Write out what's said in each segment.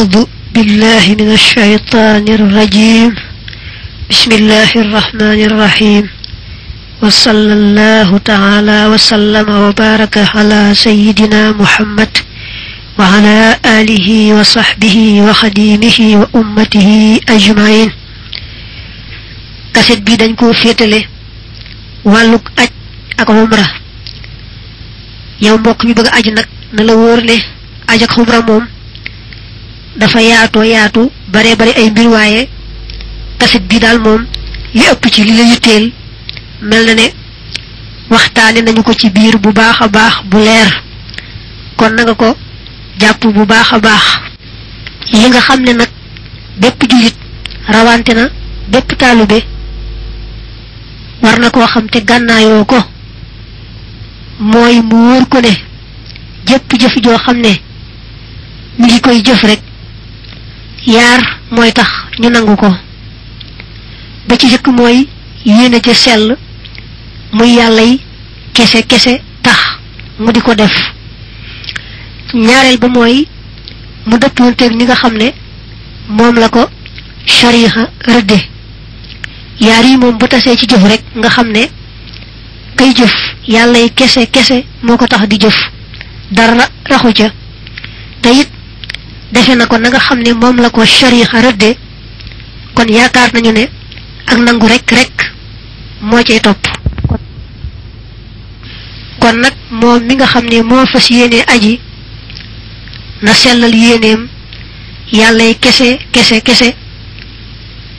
أعوذ بالله من الشيطان الرجيم بسم الله الرحمن الرحيم وصلى الله تعالى وسلم وبارك على سيدنا محمد وعلى آله وصحبه وخديمه وأمته أجمعين kaset bi كوفيت لي والوك أج aj عمره يوم بوك mbokk أجنك bëgg لي أجك عمره la dafa yaatoo yaatu baree bari ay mbir waaye kasit bi daal moom li ëpp ci li la yitteel mel na ne waxtaane nañu ko ci biir bu baax a baax bu leer kon na ko jàpp bu baax a baax yi nga xam ne nag bépp jullit rawante na bépp bi war na koo xam te gànnaayoo ko mooy mu wóor ko ne jëpp jëf joo xam ne mi ngi koy jëf rekk yaar mooy tax ñu nangu ko ba ci jëkk mooy yéene ca sell muy yàllay kese kese tax mu di ko def ñaareel ba mooy mu dëppoonteeg ni nga xam ne moom la ko shariha rëdde yaar yi moom bu tasee ci jëf rek nga xam ne kay jëf yàlla yi kese kese moo ko tax di jëf dara raxu ca te it defe na ko nanga xam ne moom la ko shariha rëdde kon yaakaar nañu ne ak nangu rekk rekk moo cay topp kon nag moom mi nga xam ne moo fas yéene aji na sellal yéeneem yàllay kese kese kese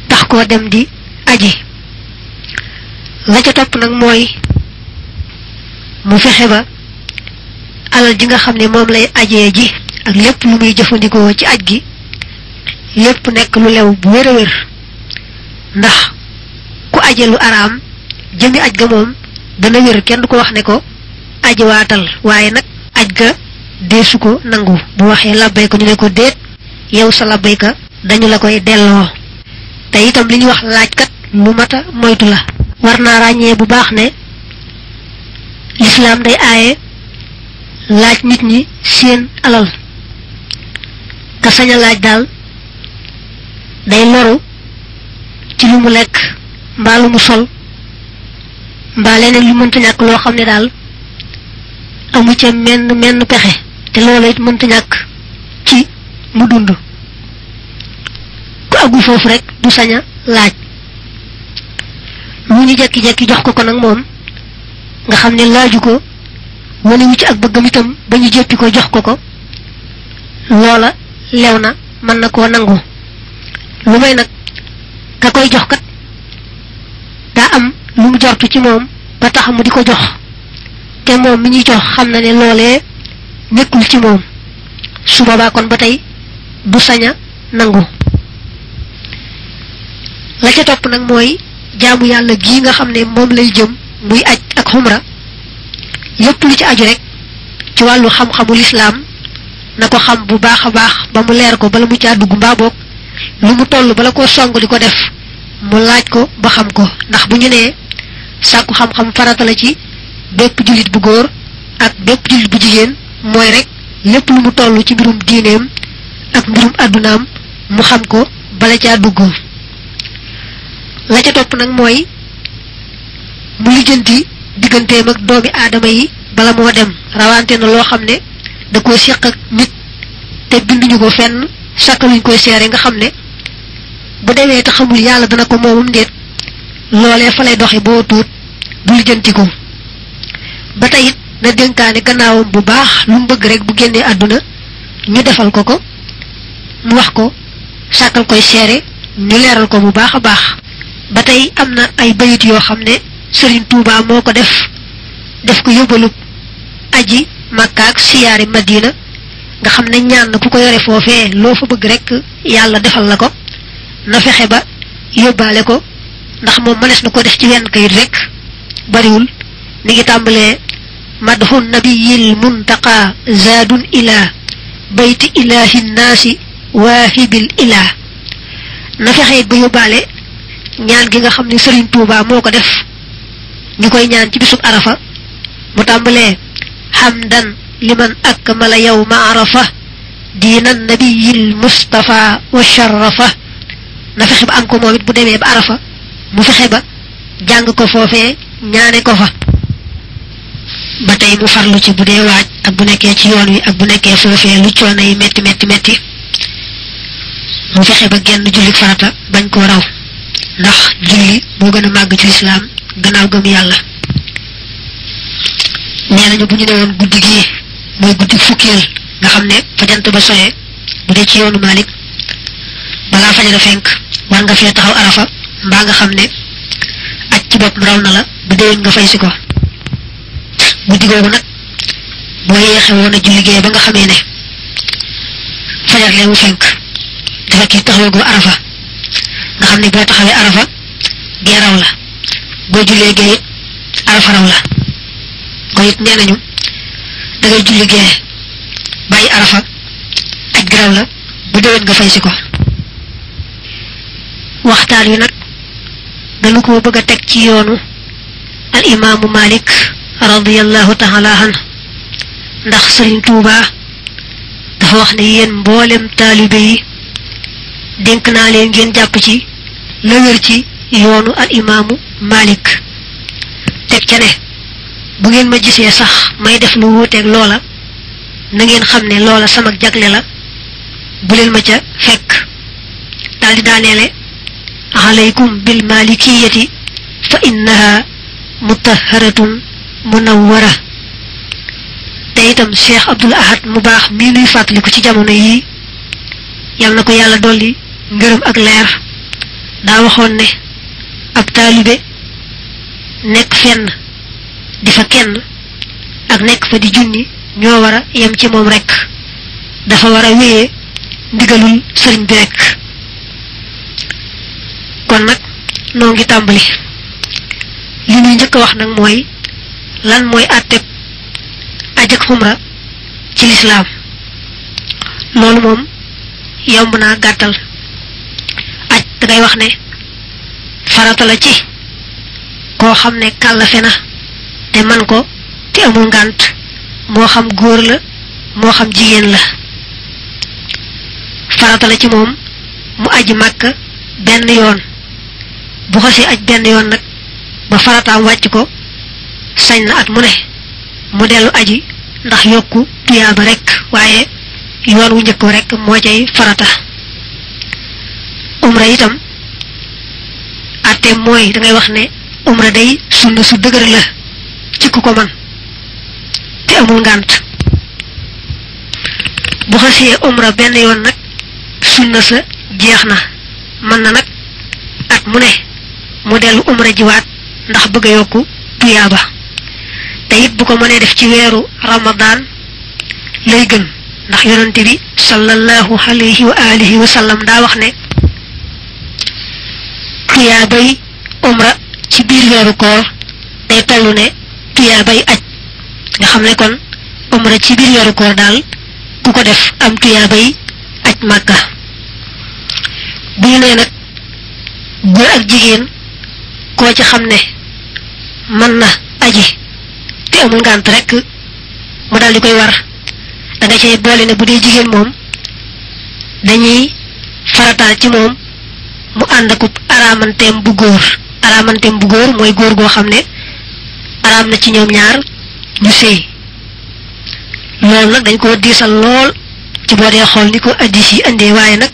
tax koo dem di aji la ca topp nag mooy mu fexe ba alal ji nga xam ne moom lay ajee ji ak lépp lu muy jëfandikoo ci aj gi lépp nekk lu lew bu wér a wér ndax ku aje lu araam jëmi aj ga moom dana wér kenn du ko wax ne ko aji waatal waaye nag aj ga deesu ko nangu bu waxee labbay ko ñu ne ko déet yow sa labbay ka dañu la koy delloo te itam li ñu wax laajkat lu mata moytu la war naa ràññee bu baax ne Islam day aaye laaj nit ñi seen alal te saña laaj dal day loru ci lu mu lek mbaa lu mu sol mbaa leneen lu mënta ñàkk loo xam ne daal amu ca menn menn pexe te loola it mënta ñàkk ci mu dund ku agu foofu rek du saña laaj lu ñu jekki-jekki jox ko ko nag moom nga xam ne ko wala wu ci ak bëggam itam ba ñu jox ko ko loola lew na mën na ko nangu lu may nag ka koy jox kat daa am lu mu jortu ci moom ba tax mu di ko jox te moom mi ñuy jox xam na ne loolee nekkul ci moom su boobaa kon ba tey bu sañ a nangu la ca topp nag mooy jaamu yàlla gii nga xam ne moom lay jëm muy aj ak xumra lépp lu ci aju rek ci wàllu xam-xamu lislaam na ko xam bu baax a baax ba mu leer ko bala mu caa dugg mbaa boog lu mu toll bala ko song di ko def mu laaj ko ba xam ko ndax bu ñu nee sàkku xam-xam farata la ci bépp jullit bu góor ak bépp jullit bu jigéen mooy rekk lépp lu mu tollu ci mbirum diineem ak mbirum àddunaam mu xam ko bala caa dugg la ca topp nag mooy mu lijjanti digganteem ak doomi aadama yi bala moo dem rawante na loo xam ne da koo seq ak nit te binduñu ko fenn sàkkaluñ koy seere nga xam ne bu demee te xamul yàlla dana ko moomum déet loolee fa lay doxe boo tuut bul jënti ko ba teyit it na dénkaane gannaawam bu baax lu mu bëgg rek bu génnee àdduna ñu defal ko ko mu wax ko sàkkal koy seere ñu leeral ko bu baax a baax ba tey am na ay bayit yoo xam ne Serigne Touba moo ko def def ko yóbbalu aji Makka ak siyaari Madina nga xam ne ñaan ku ko yore foofee loo fa bëgg rek yàlla defal la ko na fexe ba yóbbaale ko ndax moom mënees na ko def ci wenn kayit rek bariwul mi ngi tàmbalee madhu nabiyil muntaqa zaadun ilaa bayti ilaahi naasi waahibil ilaa na fexe ba yóbbaale ñaan gi nga xam ne sëriñ Touba moo ko def ñu koy ñaan ci bisub arafa mu tàmbalee xamdan liman akmala yawma arafa diina nabiyil mustafa wa sharafa na fexe ba am ko moom it bu demee ba arafa mu fexe ba jàng ko foofe ñaane ko fa ba tey mu farlu ci bu dee waaj ak bu nekkee ci yoon wi ak bu nekkee foofee lu coono yi metti metti metti mu fexe ba genn julli farata bañ koo raw ndax julli moo gën a màgg ci lislaam gannaaw gëm yàlla nee nañu bu ñu guddi gi moy guddi fukkel nga xam ne fa jant ba soye bu dee ci yoonu malik balaa fajara fenk war nga fi taxaw arafa ba nga xam ne ci bop raw na la bu déwén nga fay si ko guddi googu nag boo yeexe woon a julli ba nga xamé ne fajar lee mu fenk dafa kii taxaw goo arafa nga xam bo taxawé arafa gee la bo julé gee arafa raw la ko it nee nañu da ngay julli gee la bu déwén nga fay si ko waxtaan wi nag dañu ko bëgg a teg ci yoonu al imaamu malik radiallahu taala an ndax sëriñ tuubaa dafa wax ne yéen mboolem taalibe yi dénk naa leen ngeen jàpp ci la ci yoonu al imaamu malik teg ca ne bu ngeen ma gisee sax may def lu wuuteeg loola na ngeen xam ne loola sama jagle la bu ma ca fekk daal di daaneele alaykum bil malikiyati fa innaha mutaharatun munawwara te itam cheikh abdul ahad mu baax mii nuy fàttaliku ci jamono yii yal na ko yàlla dolli ngërëm ak leer daa waxoon ne ab taalibe nekk fenn di fa kenn ak nekk fa di junni ñoo war a yem ci moom rekk dafa war a wéyee ndigalul sëriñ bi rekk kon nag noo ngi tàmbali li ñuy njëkk wax nag mooy lan mooy àtteb aj ak ci lislaam loolu moom yomb naa gàttal aj da ngay wax ne farata la ci koo xam ne kàllafe na te man ko te amul ngant moo xam góor la moo xam jigéen la farata la ci moom mu aji màkk benn yoon bu xasee aj benn yoon nag ba farataam wàcc ko sañ na at mu ne mu dellu aji ndax yokku tuyaaba rekk waaye yoon wu njëkk rekk moo cay farata umra itam atte mooy da ngay wax ne umra day sunna su dëgër la ci ku ko man te amul ngànt bu xasee umra benn yoon nag sunna sa jeex na mën na nag at mu ne mu dellu umra jiwaat ndax bëgg a yokku tuyaaba te bu ko mënee def ci weeru ramadaan lay gën ndax yonante bi sallallahu alayhi wa alihi wa daa wax ne tuyaabay umra ci biir weeru koor day tollu ne tuyaabay aj nga xam ne kon umra ci biir yoru koor daal ku ko def am tuyaabay aj màkka bu ñu nee nag góor ak jigéen koo ci xam ne mën na aji te amul ngànt rekk mu daal di koy war da nga cay boole ne bu dee jigéen moom dañuy farataal ci moom mu ànd akub bu góor araamanteem bu góor mooy góor goo xam ne xaraam na ci ñoom ñaar ñu sëy loolu nag dañ koo diisal lool ci boo dee xool ni ko addis yi indee waaye nag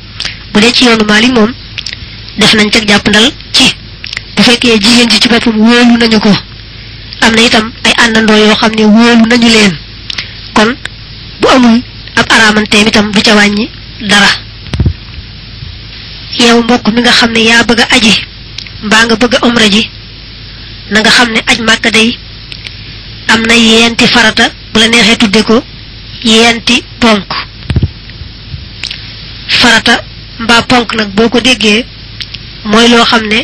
bu dee ci yoonu Maalik moom def nañ ca jàppandal ci bu fekkee jigéen ji ci boppam wóolu nañu ko am na itam ay àndandoo yoo xam ne wóolu nañu leen kon bu amul ab araamanteem itam du ca wàññi dara yow mbokk mi nga xam ne yaa bëgg a aji mbaa nga bëgg a ji na nga xam ne aj màkka day am na yeenti farata bu la neexee tudde ko yeenti ponk farata mbaa ponk nag boo ko déggee mooy loo xam ne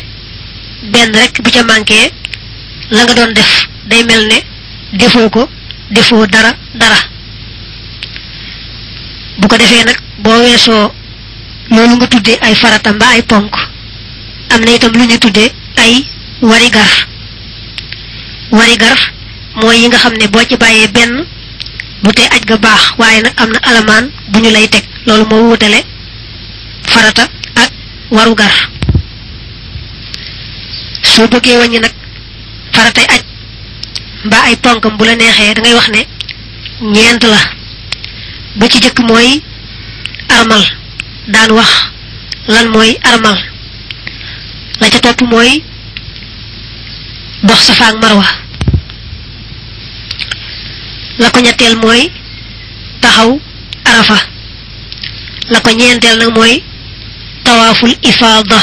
benn rekk bu ca manqué la nga doon def day mel ne defoo ko defoo dara dara bu ko defee nag boo weesoo loolu nga tuddee ay farata mbaa ay ponk am na itam lu ñu tuddee ay warigar warigar mooy yi nga xam ne boo ci bàyyee benn bu tey aj ga baax waaye nag am na alamaan bu ñu lay teg loolu moo wutale farata ak warugar soo bëggee wàññi nag faratay aj mbaa ay ponkam bu la neexee da ngay wax ne ñeent la ba ci jëkk mooy armal daan wax lan mooy armal la ca topp mooy dox safa marwa la ko ñetteel mooy taxaw arafa la ko ñeenteel nag mooy tawaaful ifaada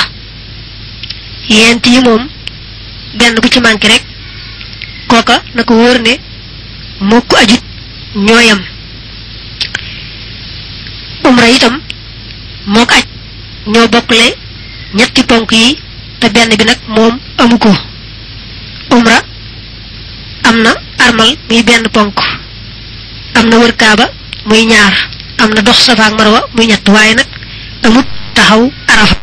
yent yi moom benn ku ci manqué rek kooka na ko wóor ne moo ko ajut ñooyam umra itam moo ko aj ñoo bokkle ñetti ponk yi te benn bi nag moom amu ko umra am na armal muy benn ponk am na wër kaaba muy ñaar am na dox safa ak muy ñett waaye nag amut taxaw arafa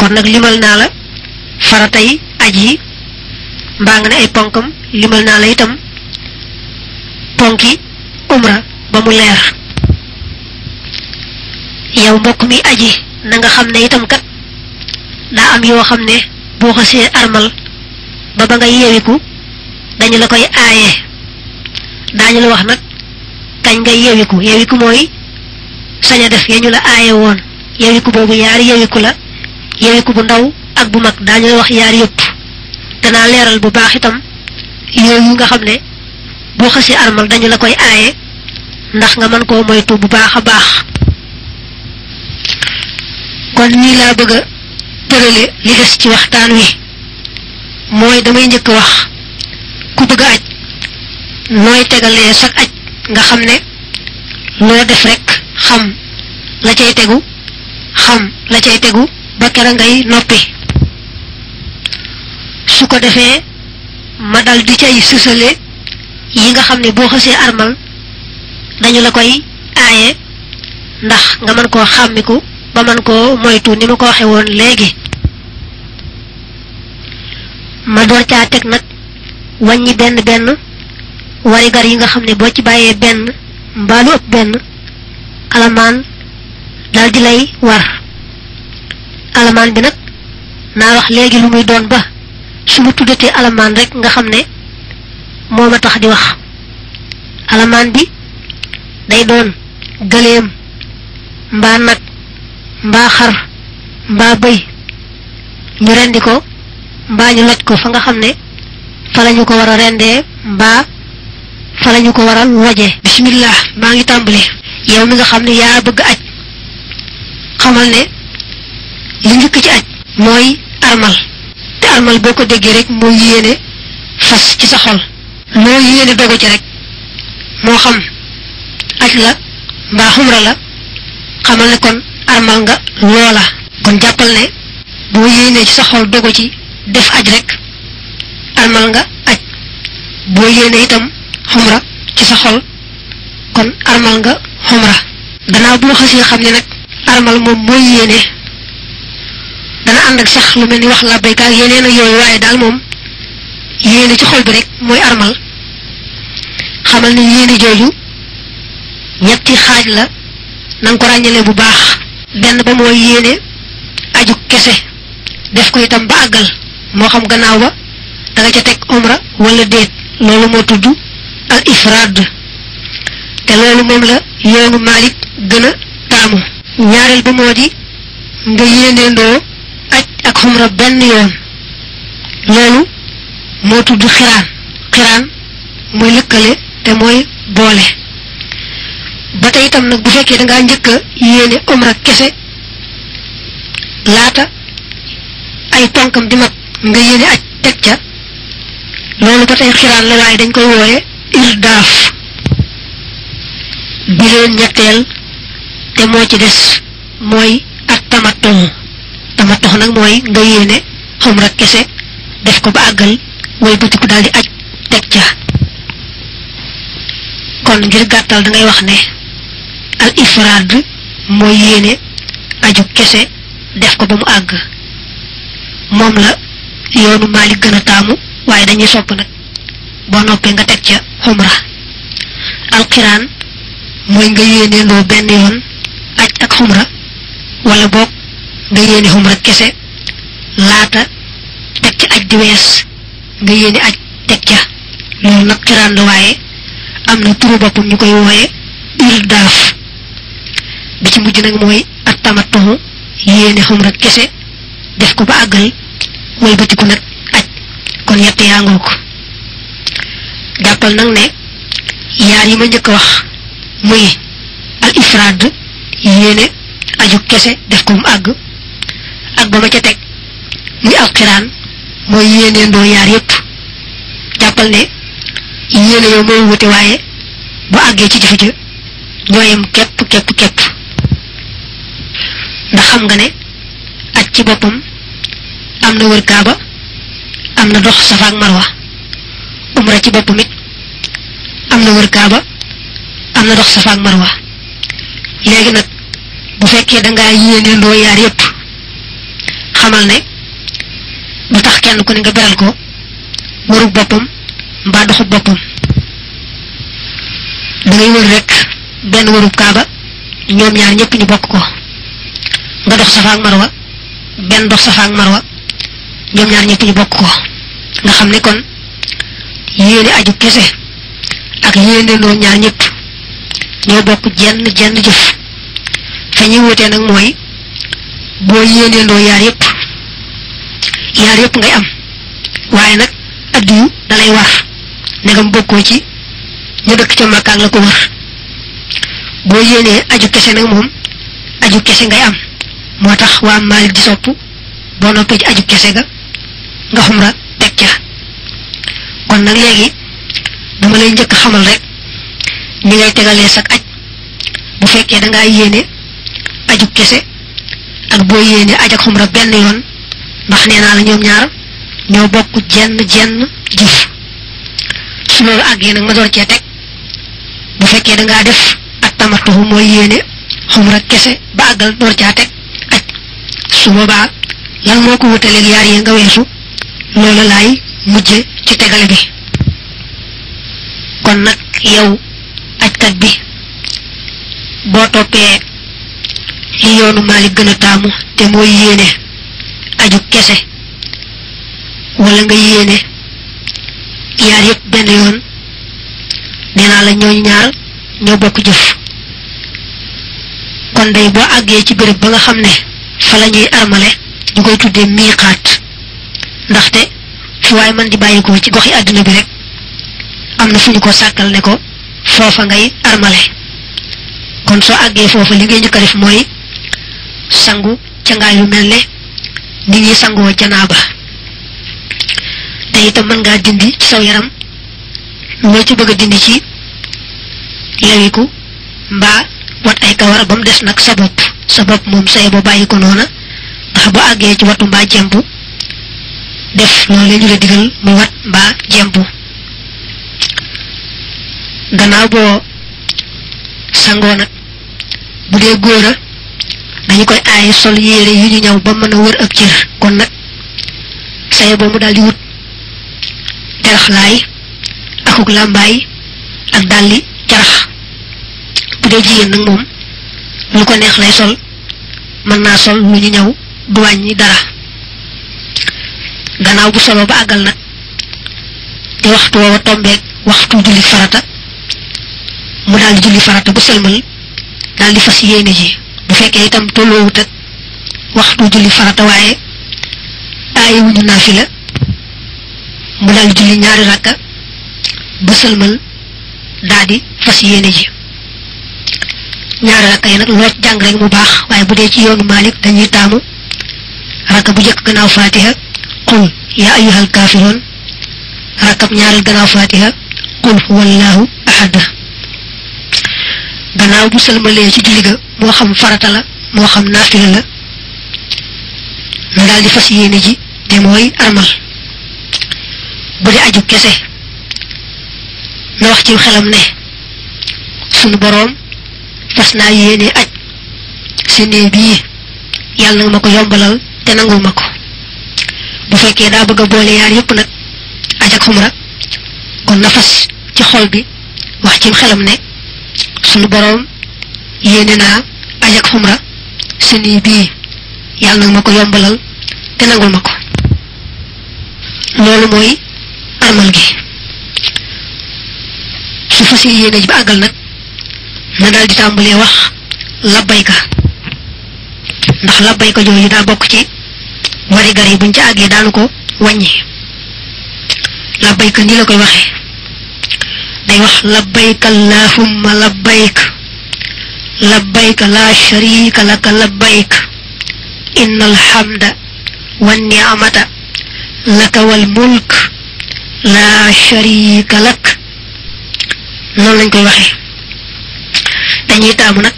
kon nag limal naa la faratay aj yi mbaa nga ne ay ponkam limal naa la itam yi umra ba mu leer yow mbokk mi aji yi nga xam ne itam kat daa am yoo xam ne boo xasee armal ba ba nga yeewiku dañu la koy aaye daañu la wax nag kañ nga yewiku yewiku mooy sañ def ya la aaye woon yewiku boobu yaari yewiku la yewiku bu ndaw ak bu mag daañu la wax yaari yëpp danaa leeral bu baax itam yooyu nga xam ne boo xasee armal dañu la koy aaye ndax nga mën koo moytu bu baax a baax kon nii laa bëgg tërale li des ci waxtaan wi mooy damay njëkk wax ku bëgg aj nooy tegalee sag aj nga xam ne loo def rek xam la cay tegu xam la cay tegu ba a ngay noppi su ko defee ma dal di cay sësale yi nga xam ne boo xasee armal dañu la koy aaye ndax nga mën koo xàmmiku ba mën koo moytu ni ma ko waxe woon léegi ma door caa teg nag wàññi benn benn warigar yi nga xam ne boo ci bàyyee benn mbaalu ëpp benn alamaan daal di lay war alamaan bi nag naa wax léegi lu muy doon ba su mu tuddatee alamaan rekk nga xam ne moo ma tax di wax alamaan bi day doon gëléem mbaa nag mbaa xar mbaa bëy ñu rendi ko mbaa ñu loj ko fa nga xam ne fa la ko war a rendee mbaa fa ko war a waje bismillah maa ngi tàmbali yow mi nga xam ne yaa bëgg aj xamal ne li njëkk ci aj mooy armal te armal boo ko déggee rek mooy yéene fas ci sa xol loo yéene dogu ci rek moo xam aj la mbaa xumra la xamal ne kon armal nga loola kon jàppal ne boo yéenee ci sa xol dogu ci def aj rek armal nga aj boo yéene itam xumra ci sa xol kon armal nga xumra danaa bu xasee xam ne nag armal moom mooy yéene dana ànd ak sax lu mel ni wax labbayka ak yeneen ak yooyu waaye daal moom yéene ci xol bi rek mooy armal xamal ni yéene jooju ñetti xaaj la na ko ràññalee bu baax benn ba mooy yéene aju kese def ko itam ba àggal moo xam gannaaw ba danga ca teg omra walla déet loolu moo tudd al ifraad te loolu moom la yoonu Maalik gën a taamu ñaareel ba moo di nga yéeneendoo aj ak xumra benn yoon loolu moo tudd xiraan xiraan mooy lëkkale te mooy boole ba te itam nag bu fekkee da ngaa njëkk a kese laata ay ponkam di mat nga yéene aj teg ca loolu ba tey xiraan la dañ koy wooye irdaaf bi leen ñetteel te moo ci des mooy ak tamattu tamattu nag mooy nga yéene umra kese def ko ba àggal way batiku daal aj teg ca kon ngir gàttal dangay wax ne al ifraad mooy yéene aju kese def ko ba mu àgg moom la yoonu Maalik gën a taamu waaye dañuy sopp nag boo noppee nga teg ca umra alxiraan mooy nga yéeneendoo benn yoon aj ak xumra wala boog nga yéene xumra kese laata teg ca aj di wees nga yéene aj teg ca loolu nag xiraan la waaye am na turu boppam ñu koy wooye irdaaf bi ci mujj nag mooy at tamattu yéene xumra kese def ko ba àggal wëlbatiku nag kon ñett yaa ko jàppal nag ne yaar yi ma njëkk wax muy al ifraad aju kese def ko mu àgg ak ba ma ca teg muy alxiraan mooy yéeneen doo yaar yépp jàppal ne yéene yow mooy wute waaye bu àggee ci jëfe ja ñooyam képp képp képp ndax xam nga ne aj ci boppam am na wër kaaba amna dox safa ak marwa umra ci boppam it amna wër kaaba amna dox safa ak marwa léegi nak bu fekke da nga yéene ndo yar yépp xamal ne bu tax kenn ku ni nga beral ko waru boppam mbaa dox boppam da ngay wër rek ben waru kaaba ñom ñaar ñu bokk ko nga dox safa ak marwa ben dox safa ak marwa ñom ñaar ñëpp ñu bokk ko nga xamne kon yene aju kese ak yene ndoo ñaar ñepp ñoo bokk jenn jenn jëf fa ñi wote nak moy bo yene lo yaar yëpp yaar yëpp ngay am waye nak addu dalay ne negam bokko ci ñu dëkk ci makka la ko wax bo yene aju kese nak mom aju kese ngay am motax wa mal di sopp bo aju kese ga nga xumra kon nag léegi dama lay njëkk xamal rek ni ngay tegalee sag aj bu fekkee da ngaa yéene aju kese ak boo yéene aj ak xumra benn yoon ndax nee naa la ñoom ñaar ñoo bokk jenn jenn jëf su loolu àggee nag ma door cee teg bu fekkee da ngaa def ak tamatuhu mooy yéene xumra kese ba àggal door caa teg aj su boobaa lan moo ko wutaleeg yaar yi nga weesu loolu laay mujj ci tegale bi kon nag yow ajkat bi boo toppee li yoonu Maalik gën a taamu te mooy yéene aju kese wala nga yéene yaar yëpp benn yoon nee naa la ñoo ñaar ñoo bokk jëf kon day boo àggee ci béréb ba nga xam ne fa la armale ñu koy tuddee miiqaat ndaxte way man di bayiko ci goxi aduna bi rek amna na ko sakal ne ko fofa ngay armale kon so agge fofa li ngay ñu kalif moy sangu ci nga yu melne di ñi sangu janaba day tam man nga dindi ci saw yaram mo ci bëgg dindi ci wat ay kawar ba nak des sabab sa bopp sa bopp nona, saye ba bàyyi bu ci watu mbaa jembu def loolu lañu la digal mu wat ba jembu gannaaw bo sangoo nag bu dee koy ay sol yére yu ñu ñaw ba mëna wër ak ciir kon say bo mu dal di wut teraxlaay akuk làmbaay ak dalli lu ko neex lay sol mëna sol ñu ñaw du dara ganaw bu solo ba agal nag te waxtu wo tombeeg waxtu julli farata mu dal julli farata bu selmal dal di fas yene ji bu fekke itam wut ak waxtu julli farata waaye aaye wuñu naafila mu dal julli ñaari rakka bu selmal dal di fas yene ji ñaari rakka yi lo jang rek mu bax waye bu de ci yoonu malik dañuy tamu rakka bu jëkk ganaw fatiha qul yaa ayyuhal kaafiroon rakkab ñaareel gannaaw fatiha qul huwallaahu ahad gannaaw bu sëlmalee ci julli ga moo xam farata la moo xam naafila la nga daal fas yéene ji te mooy armal bu di aju kese na wax ci xelam ne sunu boroom fas naa yéene aj si néeg bii yàlla nga ma ko yombalal te nangul ma ko bu fekkee daa bëgg a boole yaar yëpp nag aj ak kon na ci xol bi wax ci xelam ne sunu boroom yéene naa aj ak xumra bii yàlla nag ma ko yombalal te nangul ma ko loolu mooy armal gi su fas yéene ji ba àggal nag na daal di tàmbalee wax labbayka ndax labbayka jooju daa bokk ci warigar yi buñ ci àggee daanu ko wàññi labbayka nii la koy waxee day wax labbayka allahumma labbayk labbayka laa sharika laka labbayk inna alhamda wa niamata laka wal mulk laa sharika lak noonu lañ koy waxee dañuy taamu nag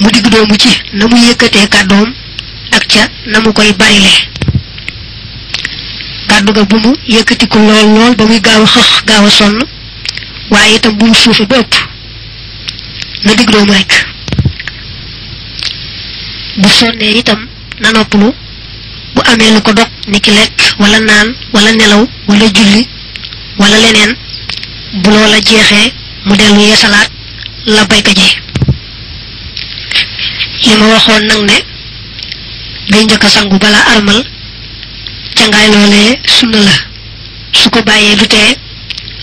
mu digg doomu ci na mu yëkkatee kàddoom ca namu koy barile kaddu ga bumbu, mu ko lool lool ba muy gaaw a xëx gaaw a sonn waaye tam, bu mu suufe ba rek bu sonnee itam na noppulu bu amee lu ko dog niki ki lekk wala naan wala nelaw wala julli wala leneen bu loola jeexee mu dellu yeesalaat la bayka li ma waxoon nag ne day njëkka a sangu balaa armal cangaay loolee sunna la su ko bàyyee du tee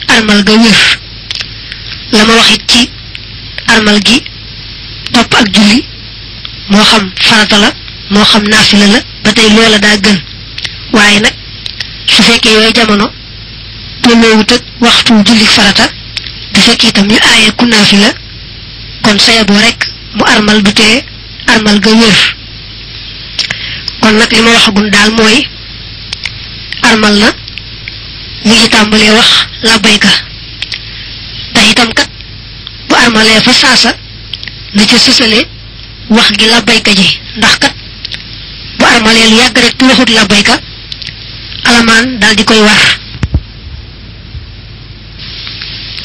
armal ga wér la ma ci armal gi topp ak julli moo xam farata la moo xam naafila la ba tey loola daa gën waaye nag su fekkee yooyu jamono tolloowut ak waxtu julli farata du fekk itam ñu aaye ku naafila kon sayaboo rekk mu armal du tee armal ga wér kon nak lima waxagun dal moy armal na mu ci tambalé wax labbayka tax itam kat bu armalé fa sasa na ci susalé wax gi ji ndax kat bu armalé lu yag rek tu waxut alaman dal di koy bay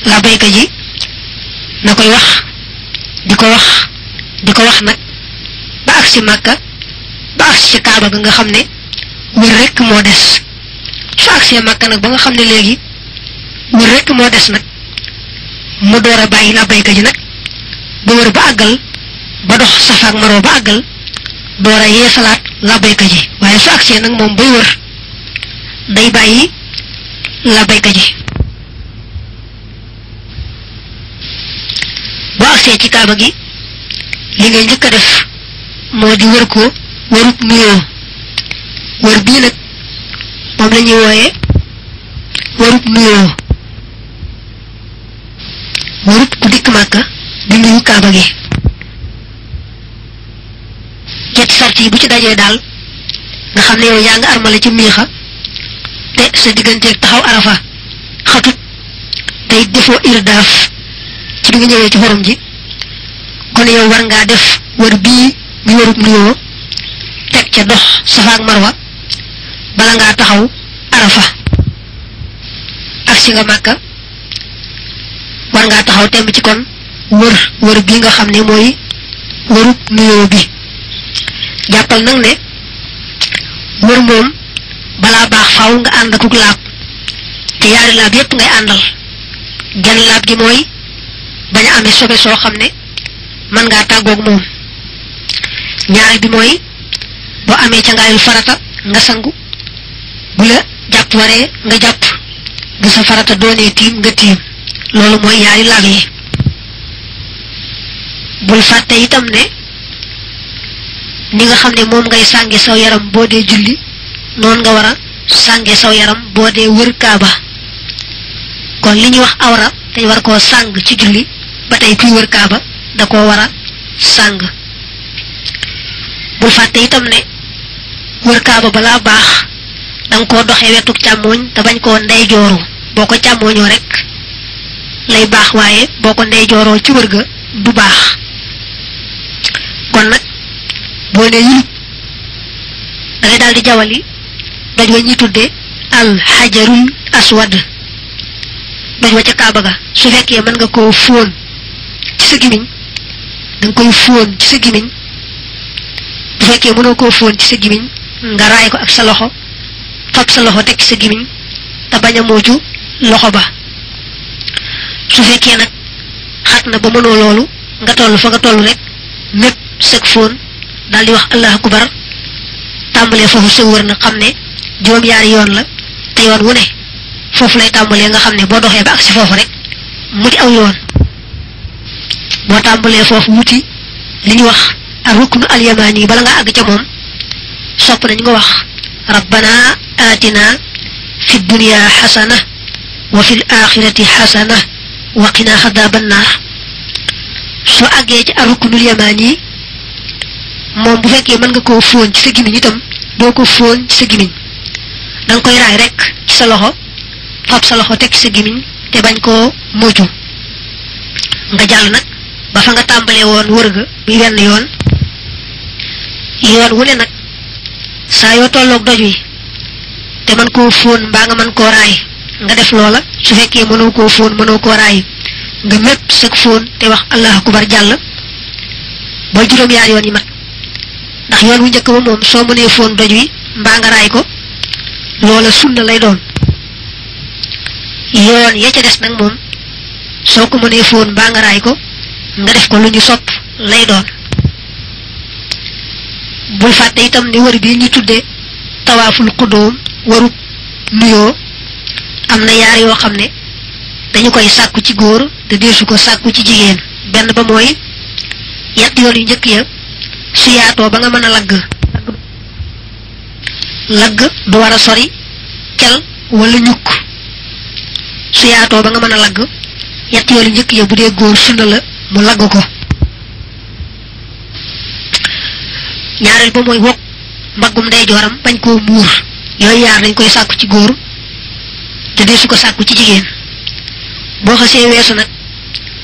labbayka ji na koy wax diko wax diko wax nak ba aksi makkah ba agsi ci kaaba ga nga xam ne wër rekk moo des su agsee màkka nag ba nga xam ne léegi wér rekk moo des nag mu door bàyyi la bayka ji nag ba wër ba àggal ba dox safaak maroo ba àggal door a salaat la bayka ji waaye su agsee nag moom bay wër day bàyyi la bayka ji ci kaaba gi li ngay njëkk a def moo di ko wërub nuyoo wër bii nag moom la ñuy wooyee wërub nuyoo wërub ku dikk màkka di nuyu kaaba gi ñetti sart yi bu ci dajee daal nga xam ne yow yaa nga armale ci miixa te sa digganteeg taxaw arafa xatut tey defoo irdaaf ci bi nga ñëwee ci xorom ji kon yow war ngaa def wër bii ñu wërub nuyoo ca dox safa ak marwa bala ngaa taxaw arafa ak si nga màkka war ngaa taxaw temb ci kon wër wër bi nga xam ni mooy wërub nuyoo bi jàppal nag ne wër moom balaa baax faaw nga ànd akuk laab te yaari laab yépp ngay àndal genn laab gi mooy bañ a amee sobe soo xam ne mën ngaa tàggoog moom ñaareel bi mooy boo amee cangaayul farata nga sangu bu la jàpp waree nga jàpp bu sa farata doonee tiim nga tiim loolu mooy yaari laab yi bul fàtte itam ne ni nga xam ne moom ngay sànge saw yaram boo dee julli noonu nga war a sànge saw yaram boo dee wër kaaba kon li ñuy wax awra dañ war koo sàng ci julli ba tey kuy wër kaaba da koo war a sàng bul fàtte itam ne wër kaaba balaa baax danga koo doxee wetu càmmooñ te bañ koo ndeyjooru boo ko càmmooñoo rek lay baax waaye boo ko ndeyjooroo ci wër ga du baax kon nag boo nee yilib dangay daal di jawali doj wa ñuy tudde alxajarul aswad doj wa ca kaaba ga su fekkee mën nga koo fóon ci sa gimiñ danga koy fóon ci sa gimiñ fekkee mënoo koo fóon ci sa gimiñ nga raay ko ak sa loxo fab sa loxo teg sa gimiñ te bañ a loxo ba su fekkee nag xat na ba mënoo loolu nga toll fa nga toll rek mépp sëg fóon daal di wax allah akbar tàmbalee foofu sa wër na xam ne juróom-yaari yoon la te yoon wu ne foofu lay tàmbalee nga xam ne boo doxee ba ak si foofu rek mu di aw yoon boo tàmbalee foofu wuti li ñu wax ak ruknu al yamaani bala nga àgg ca moom sopp nañ nga wax rabbana atina fi dunya hasana wa fil akhirati hasana wa qina adhaban so agge ci arukul yamani mom bu fekke man nga ko fon ci sa gimiñ itam boko fon ci sa gimiñ dang koy ray rek ci sa loxo fab sa loxo tek ci sa te bañ ko moju nga jall nak ba fa nga tambale won wërga bi yenn yoon yoon wu nak saa yoo tolloog doj wi te mën koo fóon mbaa nga mën koo raay nga def loola su fekkee mënoo koo fóon mënoo koo raay nga mépp sag fóon te wax allah akubar jàll ba juróom-yaar yoon yi mat ndax yoon wu njëkk ba moom soo mënee fóon doj wi mbaa nga raay ko loola sunna lay doon yoon ya ca des nag moom soo ko mënee fóon mbaa nga raay ko nga def ko lu ñu sopp lay doon bul fàtte itam ni war bii ñu tuddee tawaaful xudóom warub nuyoo am na yaar yoo xam ne dañu koy sàkku ci góor te deesu ko sàkku ci jigéen benn ba mooy yett yoon yu njëkk ya su yaatoo ba nga mën a lagg lagg du war a sori kel wala ñukk su yaatoo ba nga mën a lagg yett yoon yu njëkk ya bu dee góor sunna la mu lagg ko ñaareel ba mooy wokk mbaggum ndeyjooram bañ koo muur yooyu yaar dañ koy sàkku ci góor te dee su ko sàkku ci jigéen boo xasee weesu nag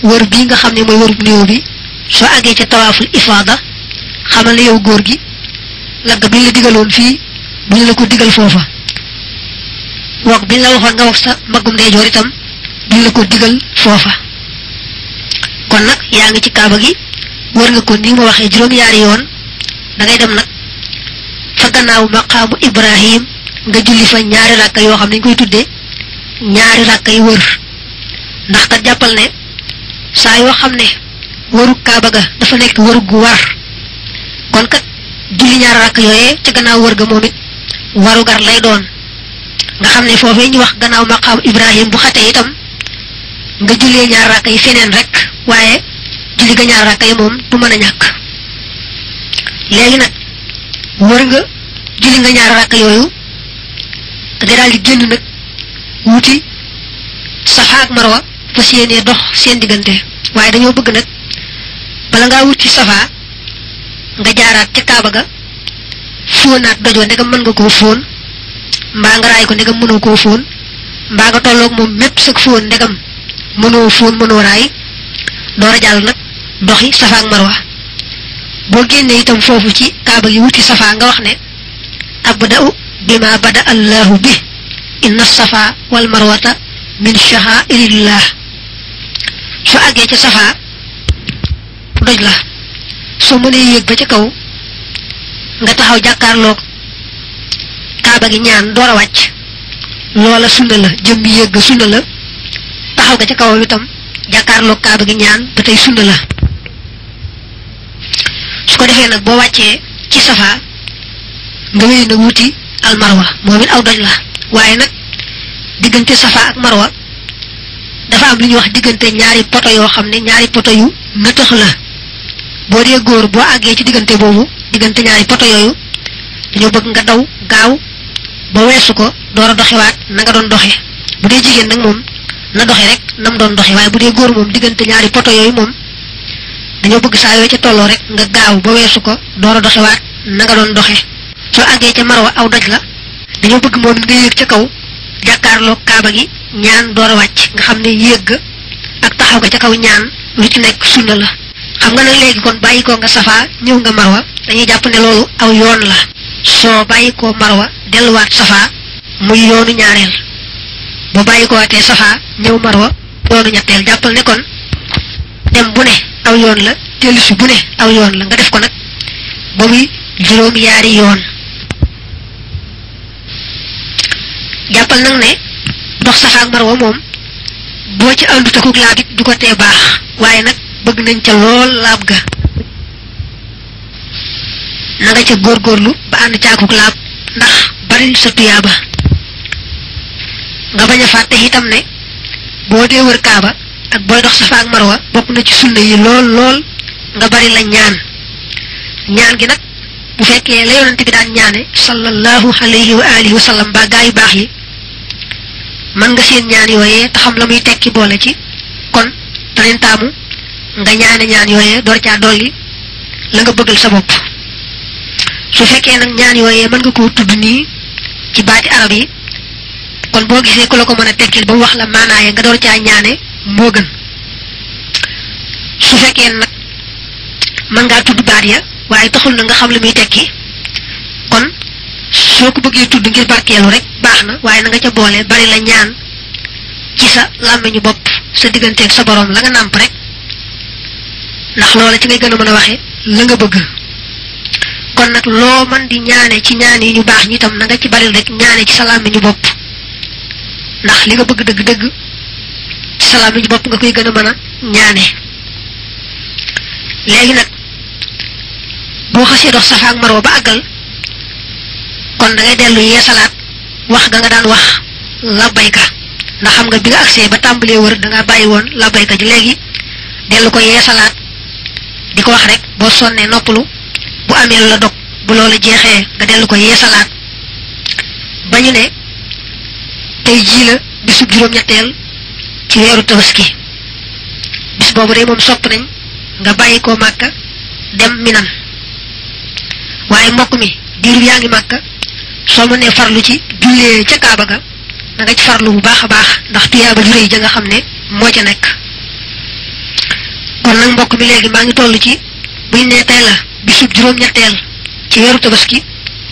wër bii nga xam ne mooy wërub néew bi soo àggee ca tawaaful ifaada xamal ne yow góor gi lagg bi ñu la digaloon fii bu ñu la ko digal foofa wokk bi la waxoon nga wax sa mbaggum ndeyjoor itam du ñu la ko digal foofa kon nag yaa ngi ci kaaba gi wër nga ko ni ma waxee juróom-yaari yoon da dem nag fa gannaaw maqaamu Ibrahim nga julli fa ñaari rakk yoo xam ne ñu koy tuddee ñaari rakk yi wër ndax kat jàppal ne saa yoo xam ne wëru kaaba ga dafa nekk wër gu war kon kat julli ñaari rakk yooyee ca gannaaw wër ga moom it waru gar lay doon nga xam ne foofu foofee ñu wax gannaaw maqaamu Ibrahim bu xate xatee itam nga jullee ñaari rakk yi feneen rek waaye julli ga ñaari rakk yi moom du mën a ñàkk. léegi nag wër nga julli nga ñaar rakk yooyu nga daal génn nag wuti safa ak marwa fas yéenee dox seen diggante waaye dañoo bëgg nag bala ngaa wuti safa nga jaaraat ca kaaba ga fóonaat dojoo ndegam mën nga koo fóon mbaa nga raay ko ndegam mënoo koo fóon mbaa nga tolloog moom mépp sag fóon ndegam mënoo fóon mënoo raay door a jàll nag doxi safa marwa bo génnee itam foofu ci kaaba gi wuti safa nga wax ne abda'u bima bada allahu bih inna safa wal marwata min shahairillah su àggee ci safa doj la mo mënee yéeg ba ca kaw nga taxaw jàkkaarloog kaaba gi ñaan door a wàcc loola sunna la jëm yéeg sunna la taxaw ga ca kaw itam kaaba gi ñaan ba sunna la ko nag boo wàccee ci safa nga wéy na wuti almarwa moom it aw doj la waaye nag diggante safa ak marwa dafa am lu ñuy wax diggante ñaari poto yoo xam ne ñaari poto yu nëtëx la boo dee góor boo àggee ci diggante boobu diggante ñaari poto yooyu ñoo bëgg nga daw gaaw ba weesu ko door a doxewaat na nga doon doxe bu dee jigéen nag moom na doxe rek nam doon doxe waaye bu dee góor moom diggante ñaari poto yooyu moom dañoo bëgg saa yoo ca tolloo rek nga gaaw ba weesu ko door a doxewaat na nga doon doxe soo àggee ca marwa aw doj la dañoo bëgg moom it nga yéeg ca kaw jàkkaarloo kaaba gi ñaan door a wàcc nga xam ne yéeg ak taxaw ga ca kaw ñaan lu ci nekk sunna la xam nga nag léegi kon bàyyi ko nga safaa ñëw nga marwa dañuy jàpp ne loolu aw yoon la soo bàyyi ko marwa delluwaat safaa muy yoonu ñaareel boo bàyyi ko waatee safaa ñëw marwa yoonu ñetteel jàppal ne kon dem bu ne aw yoon la dellu bu ne aw yoon la nga def ko nag ba muy juróom yaari yoon jàppal nag ne ndox safaak marwa moom boo ci àndu takuk laab it du ko tee baax waaye nag bëgg nañ ca lool laab ga na nga ca góorgóorlu ba ànd caakuk laab ndax bariñ sa tuyaaba nga bañ fàtte itam ne boo dee wër kaaba ak boy dox safa ak marwa bokku na ci sunna yi lol lol nga bari la ñaan ñaan gi nak bu fekke la yonent bi daan ñaané sallallahu alayhi wa alihi wasallam ba gaay bax yi man nga seen ñaan yoyé ta xam la muy tekki boole ci kon daleen tamu nga ñaané ñaan yoyé door caa doli la nga bëggal sa bop su fekke nak ñaan yoyé man nga ko tudd ni ci baati arab yi kon bo gisee ku la ko mën tekkil ba wax la maanaaye ya nga door caa ñaané moo gën su fekkee nag mën ngaa tudd baat ya waaye taxul na nga xam li muy tekki kon soo ko bëggee tudd ngir barkeelu rek baax na waaye na nga ca boole bari la ñaan ci sa làmmiñu bopp sa digganteeg sa borom la nga nàmp rek ndax loola ci ngay gën a mën a waxe la nga bëgg kon nag loo mën di ñaane ci ñaan yi ñu baax ñi tam na nga ci baril rek ñaane ci sa làmmiñu bopp ndax li nga bëgg dëgg-dëgg salaam ci bop nga koy gëna mëna ñaané légui nak bo xasse dox safa ak maro ba agal kon da ngay ye salat wax ga nga daan wax labbayka na xam nga bi nga agsee ba tambalé wër da nga bàyyi woon labbayka ji légui delu ko ye di diko wax rek bo sonné noppulu bu amé la dog bu loola jeexee nga delu ko salat bañu ne tay ji la bisu juroom ñettel ci weeru tabaski bis boobu day moom sopp nañ nga bàyyi koo màkka dem minan waaye mbokk mi diir yaa ngi màkka soo mënee farlu ci jullee ca kaaba ga nga ci farlu bu baax a baax ndax tuyaaba ju rëy ja nga xam ne moo ca nekk kon nag mbokk mi léegi maa ngi toll ci la bisub juróom-ñetteel ci weeru tabaski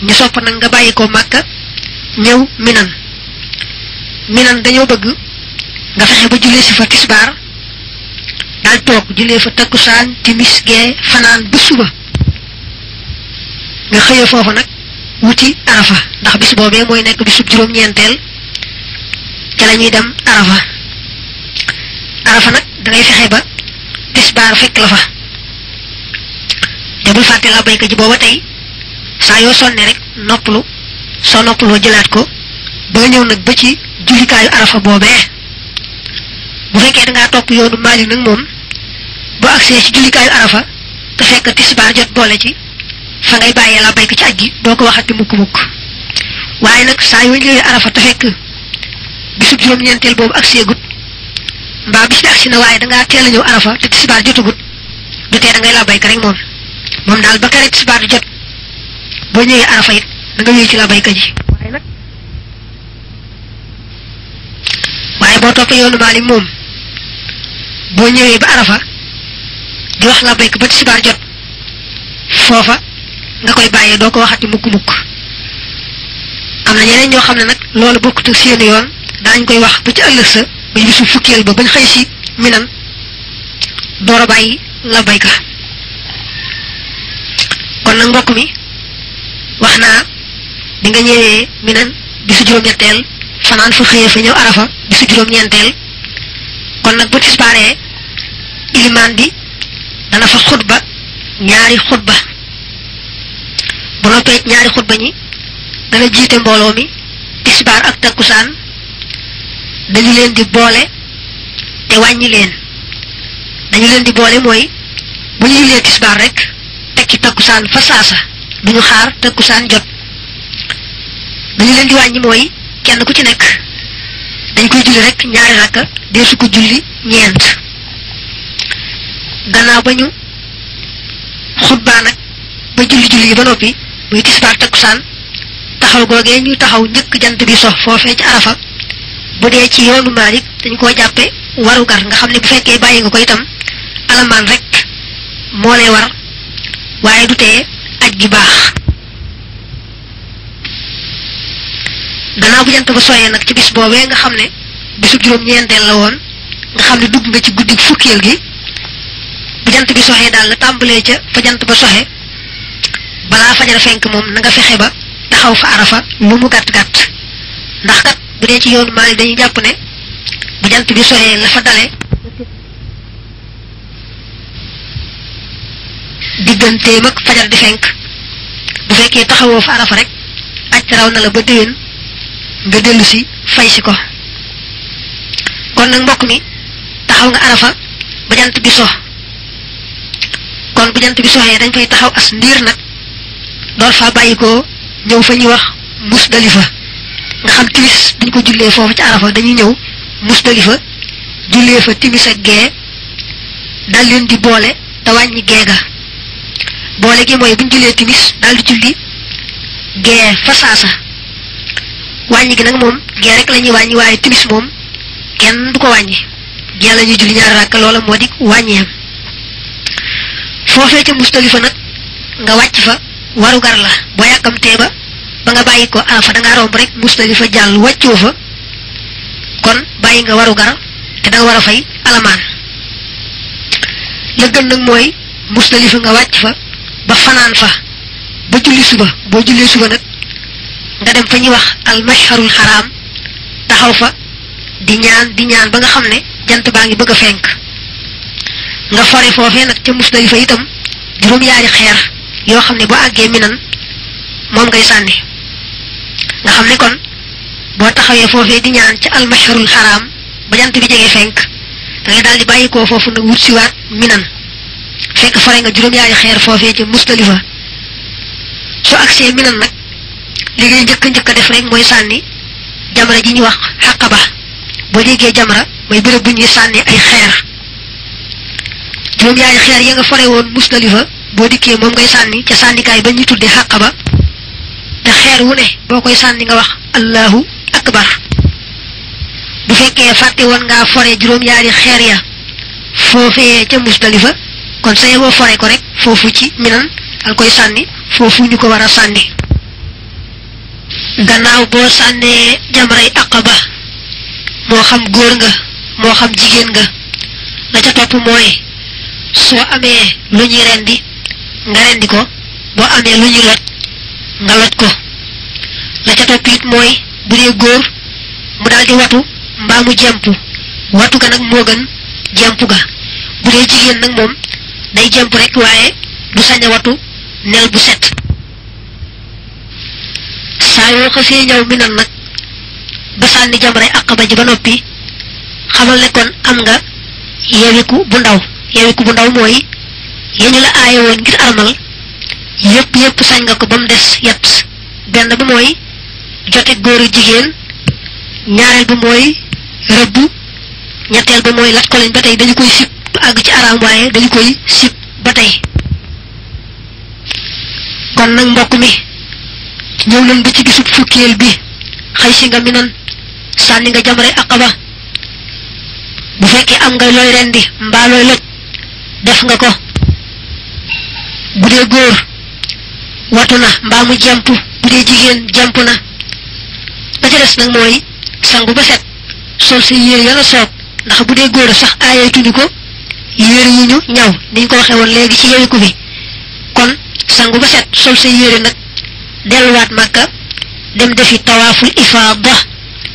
ñu sopp nag nga bàyyi màkka minan minan dañoo bëgg nga fexe ba jullee si fa tisbaar daal toog jullee fa takkusaan timis gee fanaan ba suba nga xëyee foofa nag wuti arafa ndax bis boobee mooy nekk bisub juróom-ñeenteel ca la ñuy dem arafa arafa nag dangay fexe ba tisbaar fekk la fa te fàtte la baykat ji booba tey saa yoo sonne rek noppalu soo noppaloo jëlaat ko ba ñëw nag ba ci jullikaayu arafa boobee bu fekkee da ngaa topp yoonu Maalik nag moom boo agsee ci jullikaayu arafa te fekk tisbaar jot boole ci fa ngay bàyyee la béykat ci aj gi doo ko waxati mukk mukk waaye nag saa yoo ñëwee arafa te fekk bisub juróom-ñeenteel boobu agsee gut mbaa bi bi agsi na waaye da ngaa teel a ñëw arafa te tisbaar jotagut du tee da ngay la béykat rek moom moom daal ba kare tisbaar jot boo ñëwee arafa it da nga wéy ci la béykat ji. waaye boo toppee yoonu Maalik moom. boo ñëwee ba arafa di wax la bayk ba tisbaar jot foofa nga koy bàyyee doo ko waxati mukk mukk am na ñeneen ñoo xam ne nag loolu bokkut seen yoon daañ koy wax ba ci ëllëg sa ba ñu bisu fukkeel ba bañ xëy si minan door a bàyyi kon nag mbokk mi wax naa bi nga ñëwee minan bisu juróom-ñetteel fanaan fa xëyee fa ñëw arafa bisu juróom-ñeenteel kon nag bu tisbaaree ilimaan bi dana fa xutba ñaari xutba bu noppee ñaari xutba ñi dana jiite mbooloo mi tisbaar ak takkusaan dañu leen di boole te wàññi leen dañu leen di boole mooy bu ñu jullee tisbaar rek tekki takkusaan fa saasa duñu xaar takkusaan jot dañu leen di wàññi mooy kenn ku ci nekk dañ koy julli rek ñaari rakka dee su ko julli ñeent gannaaw ba ñu xutbaa nag ba julli julli ba noppi muy tisbaar takkusaan taxaw googee ñu taxaw njëkk jant bi sox foofee ci arafa bu dee ci yoonu Maalik dañ koo jàppe warugar nga xam ne bu fekkee bàyyi nga ko itam alamaan rek moo lay war waaye du tee aj gi baax gannaaw ko jant ba soye nak ci bis bobé nga xamné bisu bisub ñentel la won nga xam dugg nga ci guddi fukkel gi bu jant bi soxee dal nga tàmbalee ca fa jant ba soxe balaa fajar fenk mom nga fexé ba taxaw fa arafa mu mu gatt gatt ndax kat bu dé ci yoon maali dañu japp né bu jant bi soxee la fa dale digganteem ak fajar di fenk bu fekkee taxawoo fa arafa rek acc raw na la ba deen nga dellu si fay si ko kon nag mbokk mi taxaw nga arafa ba jant bi so kon bu bi bi soxee dañ fay taxaw as ndiir nag door faa bàyyi ko ñëw fa ñuy wax musdalifa nga xam timis duñ ko jullee foofu ci arafa dañuy ñëw musdalifa jullee fa timis ak gee dal leen di boole te wàññi gee ga boole gi mooy buñ jullee timis daal di julli gee fa wañi gi nak mom ge rek la wañi waye timis kenn du ko wañi ge la julli ñaar rak loola modi di wàññeem foofee ca mustalifa nak nga wacc fa waru gar la boo yàkkamtee ba ba nga bayiko ko ah fa da nga romb rek mustalifa jall waccu fa kon bayi nga waru gar te da nga wara fay alaman la gën nak moy mustalifa nga wacc fa ba fanan fa ba julli suba bo julli suba nak nga dem fa ñuy wax almashharul xaraam taxaw fa di ñaan di ñaan ba nga xam ne jant baa ngi bëgg a fenk nga fore foofee nag ca musdalifa itam juróom-yaari xeer yoo xam ne boo àggee minan moom ngay sànni nga xam ne kon boo taxawee foofee di ñaan ca almashharul xaraam ba jant bi jege fenk da ngay daal di bàyyi koo foofu nag wut siwaat minan fekk fore nga juróom-yaari xeer foofee ca musdalifa su agsee minan nag li ngay njëkk njëkk a def rek mooy sànni jamra ji ñuy wax xaqaba boo déggee jamra mooy bërëb bu ñuy sànni ay xeer juróom yaari xeer ya nga fore woon musdalifa boo dikkee moom ngay sànni ca sànnikaay ba ñu tuddee xaqaba te xeer wu ne boo koy sànni nga wax allahu akbar bu fekkee fàtte woon nga fore juróom yaari xeer ya foofee ca musdalifa kon sa yeboo fore ko rek foofu ci minan al koy sànni foofu ñu ko war a sànni gannaaw boo sànnee jamray aqaba moo xam góor nga moo xam jigéen nga la ca topp mooy soo amee lu ñuy rendi nga rendi ko boo amee lu ñuy loj nga loj ko la ca topp it mooy bu dee góor mu daal watu mbaa mu jemp watu ga nag moo gën jemp ga bu dee jigéen nag moom day jemp rek waaye du sañ watu nel bu set ayo ko fee ñëw mi nak nag ba sànni jamray aqaba ji ba nopi xamal ne kon am nga yewiku bu ndaw yewiku bu ndaw moy yeñu la ayé won gis armal yépp yépp sañ nga ko bam dess des ben bu moy jotté jote jigen jigéen bu moy rebb ñettel bu moy lat ko lañ batay dañ koy sip ag ci aram waye dañ koy sip batay kon nak mbokk mi ñëw nañ ba ci bisub fukkeel bi xëy si nga minan sànni nga jamray aqaba bu fekkee am nga looy rendi mbaa looy loj def nga ko bu dee góor watu na mbaa mu jemp bu dee jigéen jemp na ba ca des nag mooy sangu ba set sol sa yére yana soog ndax bu dee góor sax aayay tuñu ko yére yi ñu ñaw niñ ko waxee woon léegi ci ko bi kon sangu ba set sol sa yére nag delluwaat màkka dem defi tawaaful ifaada